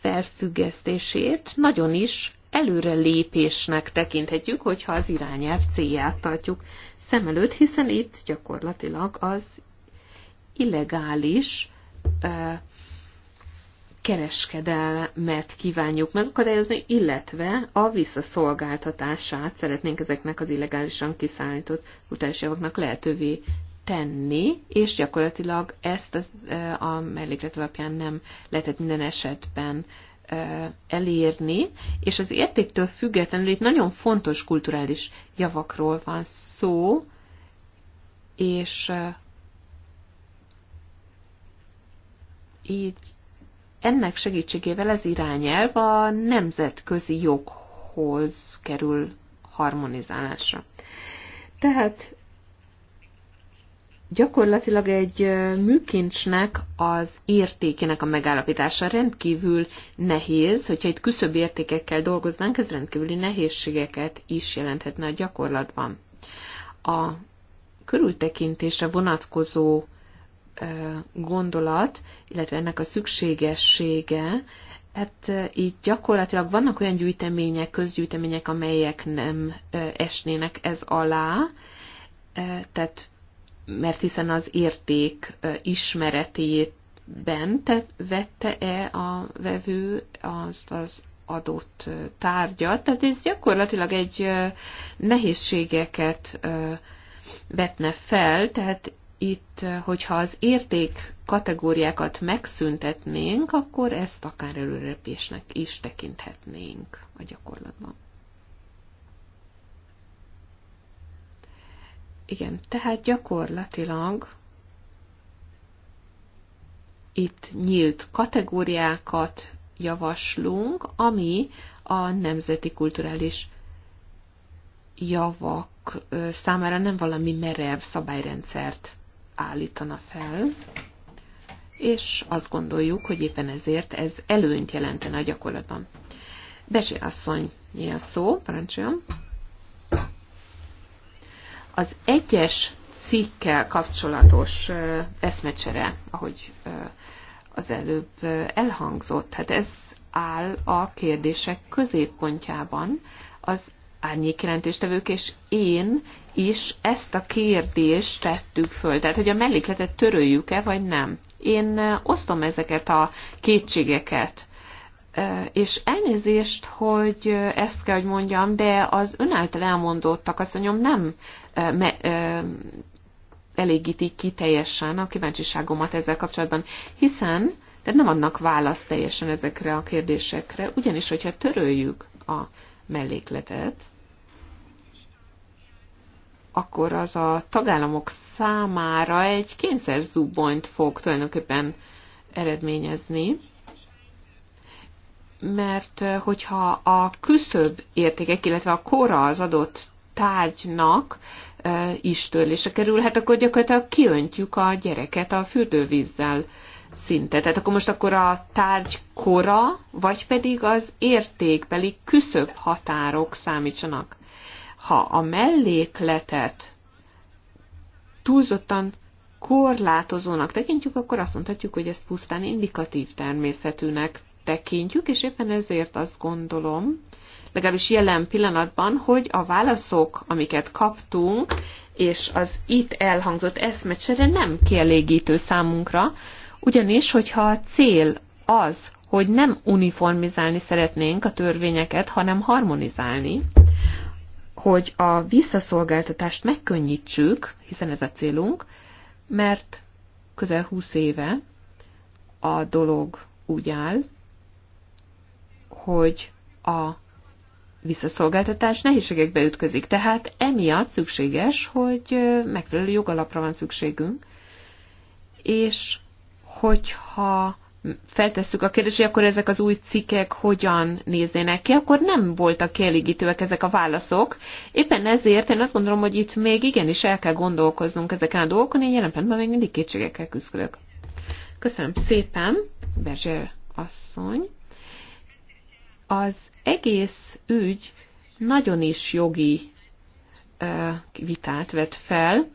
felfüggesztését nagyon is előre lépésnek tekinthetjük, hogyha az irányelv célját tartjuk szem előtt, hiszen itt gyakorlatilag az illegális kereskedelmet kívánjuk megakadályozni, illetve a visszaszolgáltatását szeretnénk ezeknek az illegálisan kiszállított utasjavaknak lehetővé tenni, és gyakorlatilag ezt az, a melléklet alapján nem lehetett minden esetben elérni, és az értéktől függetlenül itt nagyon fontos kulturális javakról van szó, és így ennek segítségével ez irányelv a nemzetközi joghoz kerül harmonizálásra. Tehát gyakorlatilag egy műkincsnek az értékének a megállapítása rendkívül nehéz, hogyha itt küszöbb értékekkel dolgoznánk, ez rendkívüli nehézségeket is jelenthetne a gyakorlatban. A körültekintésre vonatkozó gondolat, illetve ennek a szükségessége, hát így gyakorlatilag vannak olyan gyűjtemények, közgyűjtemények, amelyek nem esnének ez alá, tehát mert hiszen az érték ismeretében te vette-e a vevő azt az adott tárgyat, tehát ez gyakorlatilag egy nehézségeket vetne fel, tehát itt, hogyha az érték kategóriákat megszüntetnénk, akkor ezt akár előrepésnek is tekinthetnénk a gyakorlatban. Igen, tehát gyakorlatilag itt nyílt kategóriákat javaslunk, ami a nemzeti kulturális javak számára nem valami merev szabályrendszert állítana fel, és azt gondoljuk, hogy éppen ezért ez előnyt jelentene a gyakorlatban. Besi asszony, a szó, parancsoljon! Az egyes cikkkel kapcsolatos eszmecsere, ahogy az előbb elhangzott, hát ez áll a kérdések középpontjában, az árnyékjelentéstevők, és én is ezt a kérdést tettük föl. Tehát, hogy a mellékletet töröljük-e, vagy nem. Én osztom ezeket a kétségeket és elnézést, hogy ezt kell, hogy mondjam, de az ön által elmondottak, azt mondjam, nem me, elégítik ki teljesen a kíváncsiságomat ezzel kapcsolatban, hiszen de nem adnak választ teljesen ezekre a kérdésekre, ugyanis, hogyha töröljük a mellékletet, akkor az a tagállamok számára egy kényszerzúbonyt fog tulajdonképpen eredményezni, mert eh, hogyha a küszöbb értékek, illetve a kora az adott tárgynak eh, is törlése kerül, hát akkor gyakorlatilag kiöntjük a gyereket a fürdővízzel szinte. Tehát akkor most akkor a tárgy kora, vagy pedig az értékbeli küszöbb határok számítsanak. Ha a mellékletet túlzottan korlátozónak tekintjük, akkor azt mondhatjuk, hogy ezt pusztán indikatív természetűnek tekintjük, és éppen ezért azt gondolom, legalábbis jelen pillanatban, hogy a válaszok, amiket kaptunk, és az itt elhangzott eszmecsere nem kielégítő számunkra, ugyanis, hogyha a cél az, hogy nem uniformizálni szeretnénk a törvényeket, hanem harmonizálni, hogy a visszaszolgáltatást megkönnyítsük, hiszen ez a célunk, mert közel 20 éve a dolog úgy áll, hogy a visszaszolgáltatás nehézségekbe ütközik. Tehát emiatt szükséges, hogy megfelelő jogalapra van szükségünk, és hogyha feltesszük a kérdést, akkor ezek az új cikkek hogyan néznének ki, akkor nem voltak kielégítőek ezek a válaszok. Éppen ezért én azt gondolom, hogy itt még igenis el kell gondolkoznunk ezeken a dolgokon, én jelen pillanatban még mindig kétségekkel küzdök. Köszönöm szépen, Berzsér asszony az egész ügy nagyon is jogi vitát vet fel,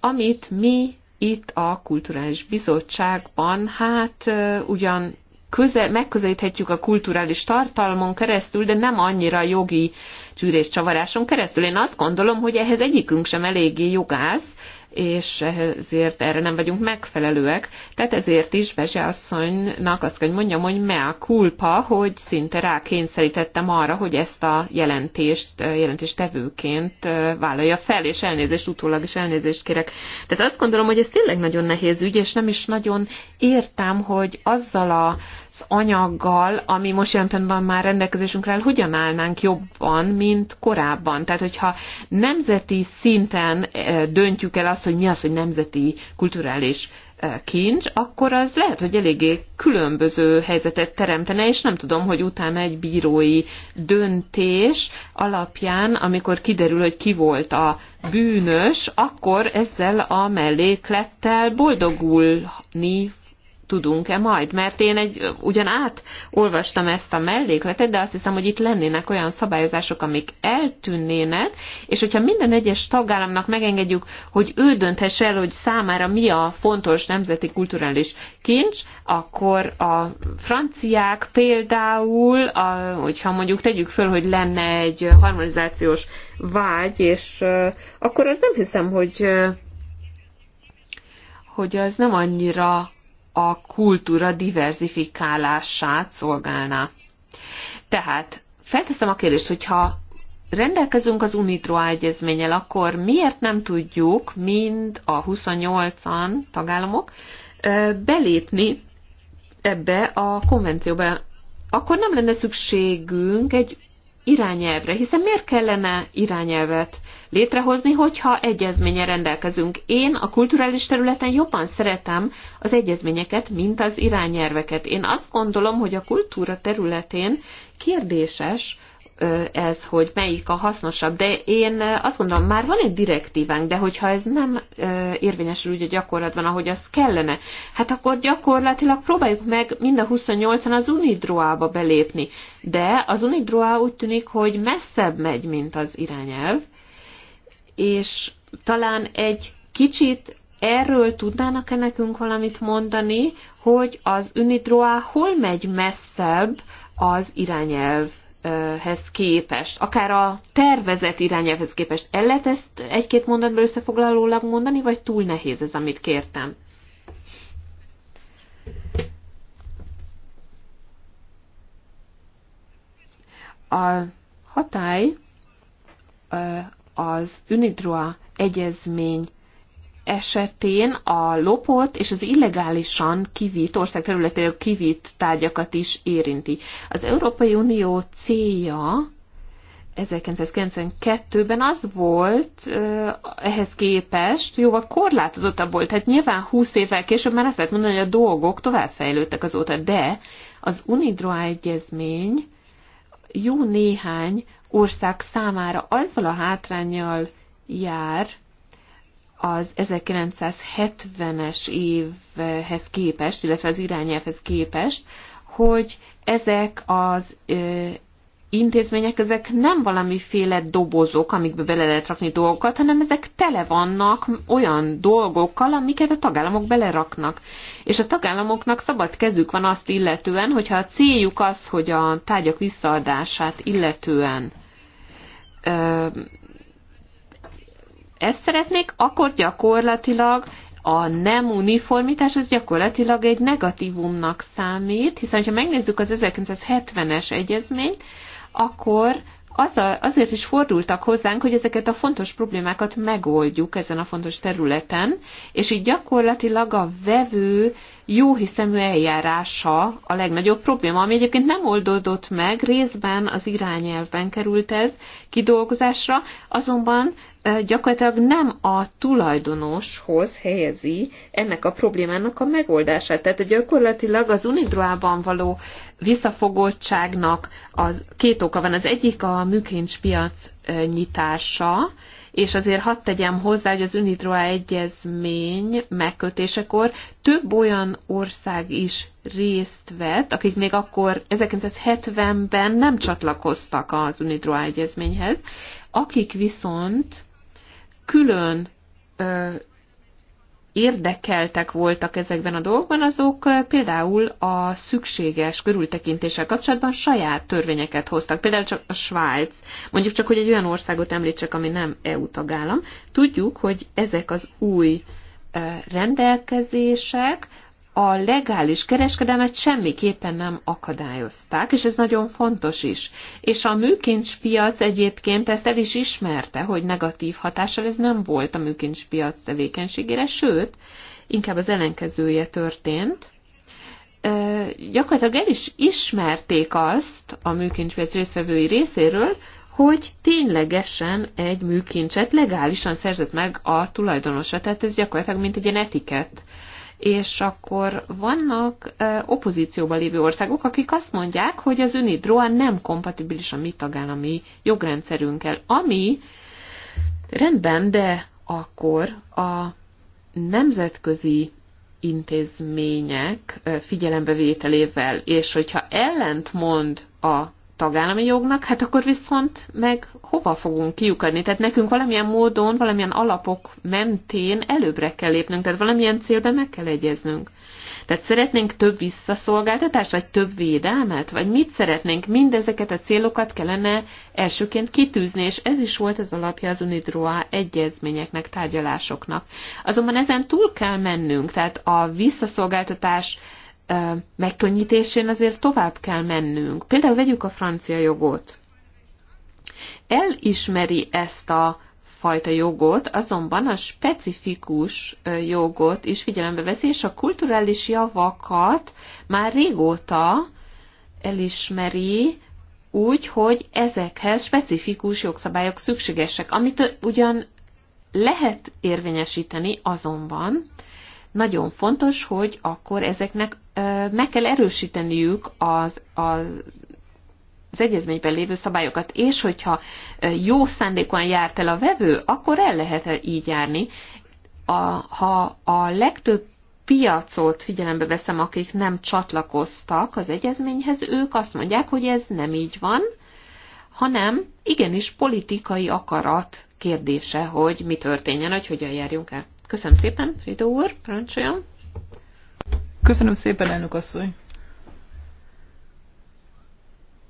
amit mi itt a Kulturális Bizottságban, hát ugyan közel, megközelíthetjük a kulturális tartalmon keresztül, de nem annyira jogi csűrés csavaráson keresztül. Én azt gondolom, hogy ehhez egyikünk sem eléggé jogász, és ezért erre nem vagyunk megfelelőek. Tehát ezért is Bezse asszonynak azt kell, hogy mondjam, hogy a kulpa, hogy szinte rá kényszerítettem arra, hogy ezt a jelentést, jelentéstevőként vállalja fel, és elnézést, utólag is elnézést kérek. Tehát azt gondolom, hogy ez tényleg nagyon nehéz ügy, és nem is nagyon értem, hogy azzal a az anyaggal, ami most jelen pillanatban már rendelkezésünkre áll, hogyan állnánk jobban, mint korábban. Tehát, hogyha nemzeti szinten eh, döntjük el azt, hogy mi az, hogy nemzeti kulturális eh, kincs, akkor az lehet, hogy eléggé különböző helyzetet teremtene, és nem tudom, hogy utána egy bírói döntés alapján, amikor kiderül, hogy ki volt a bűnös, akkor ezzel a melléklettel boldogulni tudunk-e majd, mert én egy, ugyan olvastam ezt a mellékletet, de azt hiszem, hogy itt lennének olyan szabályozások, amik eltűnnének, és hogyha minden egyes tagállamnak megengedjük, hogy ő dönthesse, el, hogy számára mi a fontos nemzeti kulturális kincs, akkor a franciák például, a, hogyha mondjuk tegyük föl, hogy lenne egy harmonizációs vágy, és uh, akkor az nem hiszem, hogy uh, hogy az nem annyira a kultúra diverzifikálását szolgálná. Tehát felteszem a kérdést, hogyha rendelkezünk az UNITRO egyezménnyel, akkor miért nem tudjuk mind a 28-an tagállamok belépni ebbe a konvencióba? Akkor nem lenne szükségünk egy irányelvre, hiszen miért kellene irányelvet létrehozni, hogyha egyezménye rendelkezünk. Én a kulturális területen jobban szeretem az egyezményeket, mint az irányelveket. Én azt gondolom, hogy a kultúra területén kérdéses, ez, hogy melyik a hasznosabb, de én azt gondolom, már van egy direktívánk, de hogyha ez nem érvényesül úgy a gyakorlatban, ahogy az kellene, hát akkor gyakorlatilag próbáljuk meg mind a 28-an az unidroába belépni. De az unidroá úgy tűnik, hogy messzebb megy, mint az irányelv, és talán egy kicsit erről tudnának-e nekünk valamit mondani, hogy az Unidroa hol megy messzebb az irányelv hez képest, akár a tervezett irányelvhez képest. El lehet ezt egy-két mondatból összefoglalólag mondani, vagy túl nehéz ez, amit kértem? A hatály az UNIDROA egyezmény esetén a lopott és az illegálisan kivitt, ország területére kivitt tárgyakat is érinti. Az Európai Unió célja 1992-ben az volt ehhez képest jóval korlátozottabb volt. Hát nyilván 20 évvel később már azt lehet mondani, hogy a dolgok továbbfejlődtek azóta, de az UNIDROA egyezmény jó néhány ország számára azzal a hátrányjal jár az 1970-es évhez képest, illetve az irányelvhez képest, hogy ezek az intézmények ezek nem valamiféle dobozok, amikbe bele lehet rakni dolgokat, hanem ezek tele vannak olyan dolgokkal, amiket a tagállamok beleraknak. És a tagállamoknak szabad kezük van azt illetően, hogyha a céljuk az, hogy a tárgyak visszaadását illetően ö, ezt szeretnék, akkor gyakorlatilag a nem uniformitás az gyakorlatilag egy negatívumnak számít, hiszen ha megnézzük az 1970-es egyezményt, akkor azért is fordultak hozzánk, hogy ezeket a fontos problémákat megoldjuk ezen a fontos területen, és így gyakorlatilag a vevő jó hiszemű eljárása a legnagyobb probléma, ami egyébként nem oldódott meg, részben az irányelvben került ez kidolgozásra, azonban gyakorlatilag nem a tulajdonoshoz helyezi ennek a problémának a megoldását. Tehát gyakorlatilag az unidroában való visszafogottságnak az két oka van. Az egyik a műkincspiac nyitása, és azért hadd tegyem hozzá, hogy az UNIDROA egyezmény megkötésekor több olyan ország is részt vett, akik még akkor 1970-ben nem csatlakoztak az UNIDROA egyezményhez, akik viszont külön érdekeltek voltak ezekben a dolgokban, azok eh, például a szükséges körültekintéssel kapcsolatban saját törvényeket hoztak. Például csak a Svájc, mondjuk csak, hogy egy olyan országot említsek, ami nem EU tagállam. Tudjuk, hogy ezek az új eh, rendelkezések a legális kereskedelmet semmiképpen nem akadályozták, és ez nagyon fontos is. És a műkincspiac egyébként ezt el is ismerte, hogy negatív hatással ez nem volt a műkincspiac tevékenységére, sőt, inkább az ellenkezője történt. E, gyakorlatilag el is ismerték azt a műkincspiac részvevői részéről, hogy ténylegesen egy műkincset legálisan szerzett meg a tulajdonosa. Tehát ez gyakorlatilag mint egy ilyen etikett és akkor vannak opozícióban lévő országok, akik azt mondják, hogy az UNIDROA nem kompatibilis a mi tagállami jogrendszerünkkel, ami rendben, de akkor a nemzetközi intézmények figyelembevételével, és hogyha ellentmond a tagállami jognak, hát akkor viszont meg hova fogunk kiukadni? Tehát nekünk valamilyen módon, valamilyen alapok mentén előbbre kell lépnünk, tehát valamilyen célben meg kell egyeznünk. Tehát szeretnénk több visszaszolgáltatást, vagy több védelmet, vagy mit szeretnénk? Mindezeket a célokat kellene elsőként kitűzni, és ez is volt az alapja az UNIDROA egyezményeknek, tárgyalásoknak. Azonban ezen túl kell mennünk, tehát a visszaszolgáltatás megkönnyítésén azért tovább kell mennünk. Például vegyük a francia jogot. Elismeri ezt a fajta jogot, azonban a specifikus jogot is figyelembe veszi, és a kulturális javakat már régóta elismeri, úgy, hogy ezekhez specifikus jogszabályok szükségesek, amit ugyan lehet érvényesíteni, azonban nagyon fontos, hogy akkor ezeknek meg kell erősíteniük az, az az egyezményben lévő szabályokat, és hogyha jó szándékon járt el a vevő, akkor el lehet így járni. A, ha a legtöbb piacot figyelembe veszem, akik nem csatlakoztak az egyezményhez, ők azt mondják, hogy ez nem így van, hanem igenis politikai akarat kérdése, hogy mi történjen, hogy hogyan járjunk el. Köszönöm szépen, Fridó úr, parancsoljon! Köszönöm szépen, elnök asszony.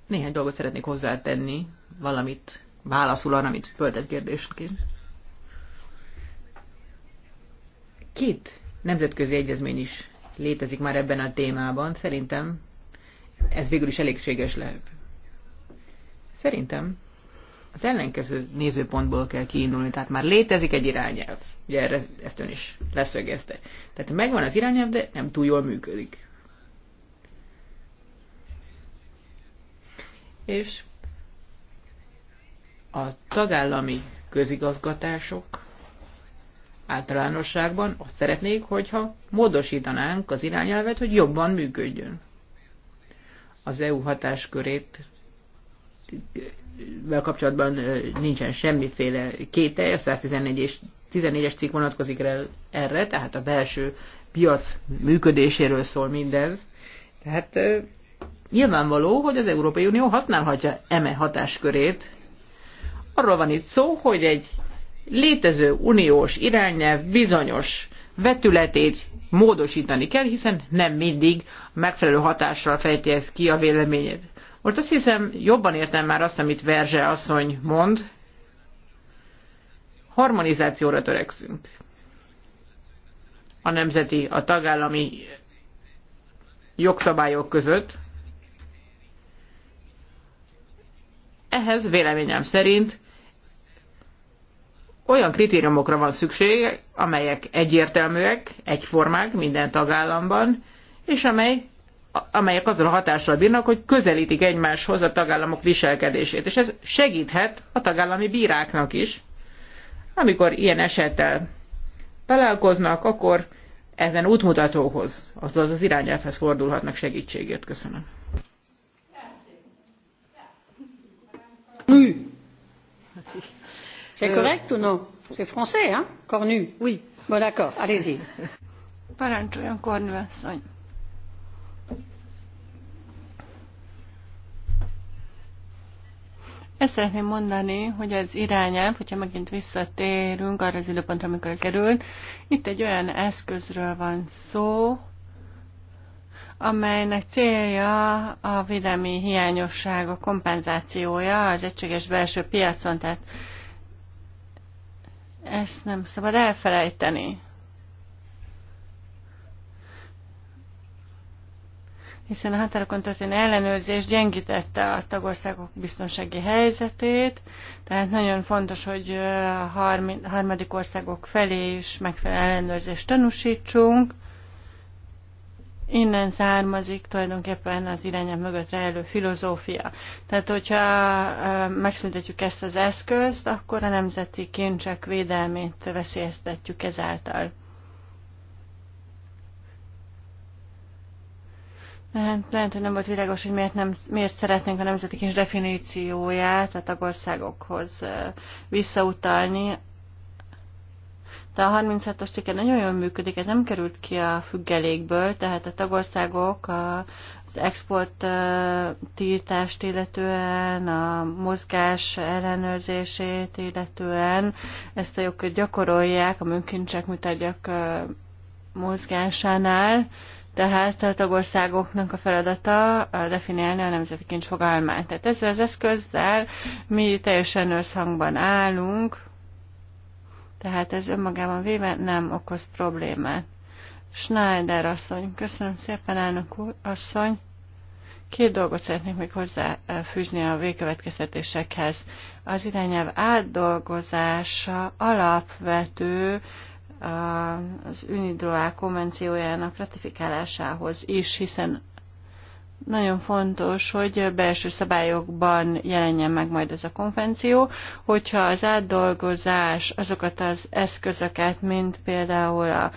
Néhány dolgot szeretnék hozzátenni, valamit válaszul arra, amit föltett kérdésként. Két nemzetközi egyezmény is létezik már ebben a témában. Szerintem ez végül is elégséges lehet. Szerintem az ellenkező nézőpontból kell kiindulni, tehát már létezik egy irányelv. Ugye erre, ezt ön is leszögezte. Tehát megvan az irányelv, de nem túl jól működik. És a tagállami közigazgatások általánosságban azt szeretnék, hogyha módosítanánk az irányelvet, hogy jobban működjön. Az EU hatáskörét vel kapcsolatban nincsen semmiféle kételje, 114 és 14-es cikk vonatkozik erre, tehát a belső piac működéséről szól mindez. Tehát nyilvánvaló, hogy az Európai Unió használhatja eme hatáskörét. Arról van itt szó, hogy egy létező uniós irányelv bizonyos vetületét módosítani kell, hiszen nem mindig megfelelő hatással fejti ez ki a véleményed. Most azt hiszem, jobban értem már azt, amit Verze asszony mond, harmonizációra törekszünk. A nemzeti, a tagállami jogszabályok között. Ehhez véleményem szerint olyan kritériumokra van szükség, amelyek egyértelműek, egyformák minden tagállamban, és amely, amelyek azzal a hatással bírnak, hogy közelítik egymáshoz a tagállamok viselkedését. És ez segíthet a tagállami bíráknak is, amikor ilyen esettel találkoznak, akkor ezen útmutatóhoz, azaz az irányelvhez fordulhatnak segítségért. Köszönöm. Cornu. C'est euh. correct ou non C'est français, hein Cornu. Oui. Bon, d'accord. Allez-y. Parancsoljon, Cornu asszony. Ezt szeretném mondani, hogy az irányelv, hogyha megint visszatérünk arra az időpontra, amikor ez került, itt egy olyan eszközről van szó, amelynek célja a védelmi hiányosság, a kompenzációja az egységes belső piacon, tehát ezt nem szabad elfelejteni. hiszen a határokon történő ellenőrzés gyengítette a tagországok biztonsági helyzetét, tehát nagyon fontos, hogy a harmadik országok felé is megfelelő ellenőrzést tanúsítsunk. Innen származik tulajdonképpen az irányel mögött rejlő filozófia. Tehát, hogyha megszüntetjük ezt az eszközt, akkor a nemzeti kincsek védelmét veszélyeztetjük ezáltal. Hát, lehet, hogy nem volt világos, hogy miért, nem, miért szeretnénk a nemzeti kincs definícióját a tagországokhoz visszautalni. De a 36-os cikke nagyon jól működik, ez nem került ki a függelékből, tehát a tagországok az export tiltást illetően, a mozgás ellenőrzését illetően ezt a jogkört gyakorolják a műkincsek műtárgyak mozgásánál, tehát a tagországoknak a feladata definiálni a nemzeti kincs fogalmát. Tehát ezzel az eszközzel mi teljesen összhangban állunk, tehát ez önmagában véve nem okoz problémát. Schneider asszony, köszönöm szépen, elnök úr, asszony. Két dolgot szeretnék még hozzáfűzni eh, a végkövetkeztetésekhez. Az irányelv átdolgozása alapvető az UNIDROA konvenciójának ratifikálásához is, hiszen nagyon fontos, hogy belső szabályokban jelenjen meg majd ez a konvenció, hogyha az átdolgozás azokat az eszközöket, mint például a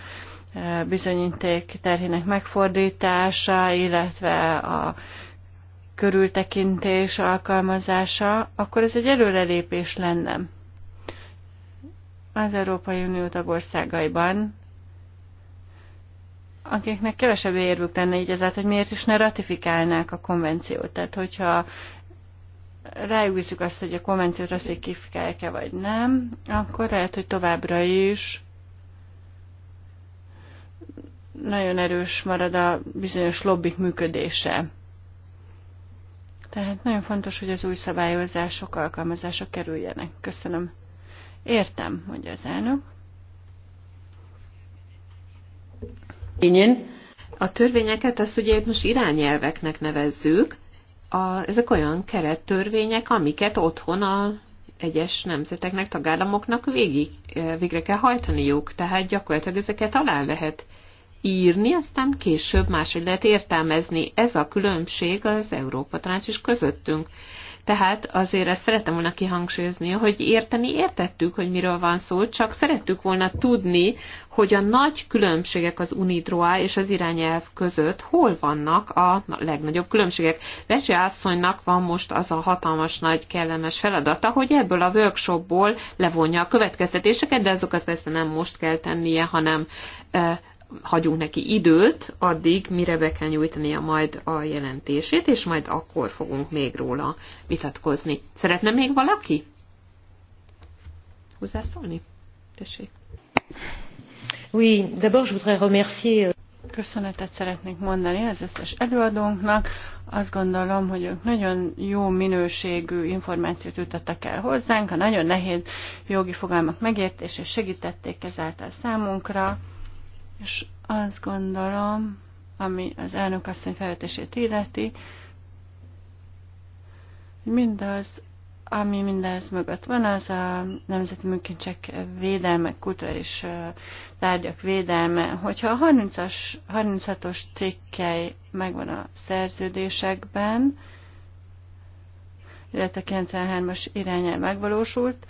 e, bizonyíték terhének megfordítása, illetve a körültekintés alkalmazása, akkor ez egy előrelépés lenne az Európai Unió tagországaiban, akiknek kevesebb érvük tenne így ezáltal, hogy miért is ne ratifikálnák a konvenciót. Tehát, hogyha rájúzzuk azt, hogy a konvenciót ratifikálják-e vagy nem, akkor lehet, hogy továbbra is nagyon erős marad a bizonyos lobbik működése. Tehát nagyon fontos, hogy az új szabályozások alkalmazások kerüljenek. Köszönöm. Értem, mondja az elnök. A törvényeket azt ugye most irányelveknek nevezzük. A, ezek olyan kerettörvények, amiket otthon a egyes nemzeteknek, tagállamoknak végig, eh, végre kell hajtaniuk. Tehát gyakorlatilag ezeket alá lehet írni, aztán később máshogy lehet értelmezni. Ez a különbség az Európa Tanács is közöttünk. Tehát azért ezt szerettem volna kihangsúlyozni, hogy érteni értettük, hogy miről van szó, csak szerettük volna tudni, hogy a nagy különbségek az UNIDROA és az irányelv között hol vannak a legnagyobb különbségek. Vesi asszonynak van most az a hatalmas nagy kellemes feladata, hogy ebből a workshopból levonja a következtetéseket, de azokat persze nem most kell tennie, hanem eh, hagyunk neki időt, addig mire be kell nyújtania majd a jelentését, és majd akkor fogunk még róla vitatkozni. Szeretne még valaki? Hozzászólni? Tessék. Oui, d'abord je voudrais remercier euh, köszönetet szeretnék mondani az összes előadónknak. Azt gondolom, hogy ők nagyon jó minőségű információt ütöttek el hozzánk, a nagyon nehéz jogi fogalmak megértését segítették ezáltal számunkra. És azt gondolom, ami az elnök asszony felvetését illeti, hogy mindaz, ami mindez mögött van, az a nemzeti műkincsek védelme, kulturális tárgyak védelme. Hogyha a 30-as, 36-os cikkely megvan a szerződésekben, illetve 93-as irányel megvalósult,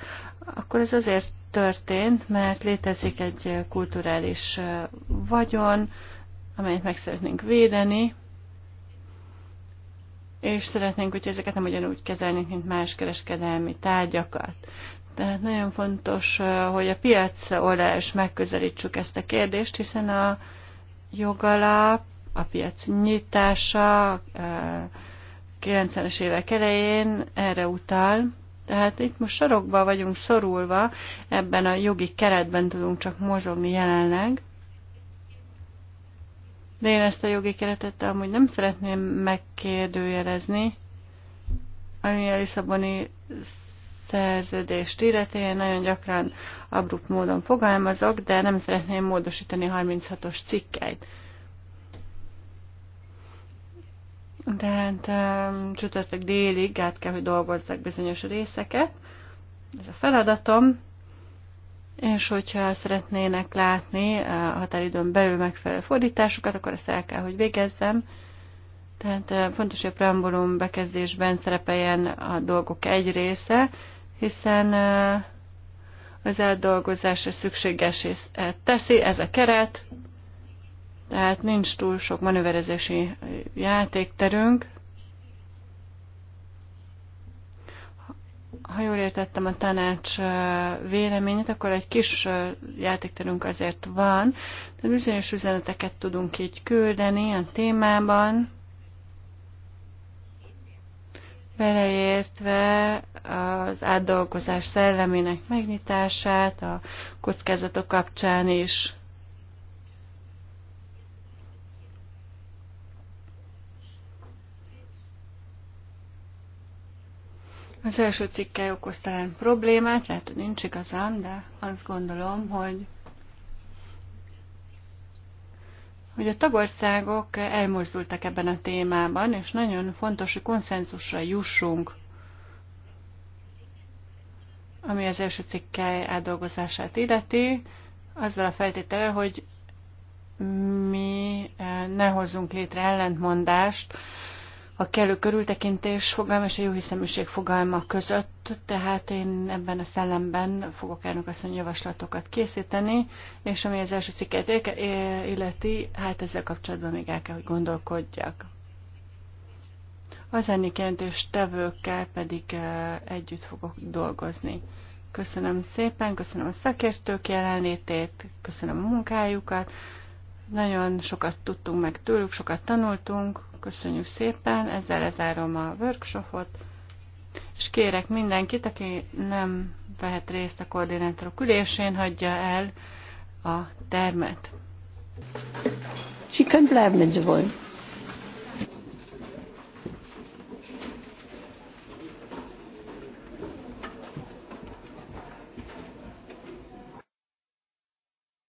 akkor ez azért történt, mert létezik egy kulturális vagyon, amelyet meg szeretnénk védeni, és szeretnénk, hogy ezeket nem ugyanúgy kezelnénk, mint más kereskedelmi tárgyakat. Tehát nagyon fontos, hogy a piac oldalra is megközelítsük ezt a kérdést, hiszen a jogalap, a piac nyitása 90-es évek elején erre utal, tehát itt most sarokba vagyunk szorulva, ebben a jogi keretben tudunk csak mozogni jelenleg. De én ezt a jogi keretet amúgy nem szeretném megkérdőjelezni, ami a Lisszaboni szerződést illeti, én nagyon gyakran abrupt módon fogalmazok, de nem szeretném módosítani 36-os cikkeit. Tehát um, csütörtök délig át kell, hogy dolgozzak bizonyos részeket. Ez a feladatom. És hogyha szeretnének látni eh, a határidőn belül megfelelő fordításokat, akkor ezt el kell, hogy végezzem. Tehát eh, fontos, hogy a preambulum bekezdésben szerepeljen a dolgok egy része, hiszen eh, az eldolgozásra szükséges teszi, ez a keret, tehát nincs túl sok manőverezési játékterünk. Ha jól értettem a tanács véleményét, akkor egy kis játékterünk azért van, de bizonyos üzeneteket tudunk így küldeni a témában, beleértve az átdolgozás szellemének megnyitását, a kockázatok kapcsán is Az első cikke okoz talán problémát, lehet, hogy nincs igazam, de azt gondolom, hogy hogy a tagországok elmozdultak ebben a témában, és nagyon fontos, hogy konszenzusra jussunk, ami az első cikke átdolgozását illeti, azzal a feltétele, hogy mi eh, ne hozzunk létre ellentmondást a kellő körültekintés fogalma és a hiszeműség fogalma között, tehát én ebben a szellemben fogok elnök asszony javaslatokat készíteni, és ami az első cikket illeti, hát ezzel kapcsolatban még el kell, hogy gondolkodjak. Az ennikentés tevőkkel pedig e, együtt fogok dolgozni. Köszönöm szépen, köszönöm a szakértők jelenlétét, köszönöm a munkájukat, nagyon sokat tudtunk meg tőlük, sokat tanultunk. Köszönjük szépen, ezzel lezárom a workshopot. És kérek mindenkit, aki nem vehet részt a koordinátorok ülésén, hagyja el a termet. She can blame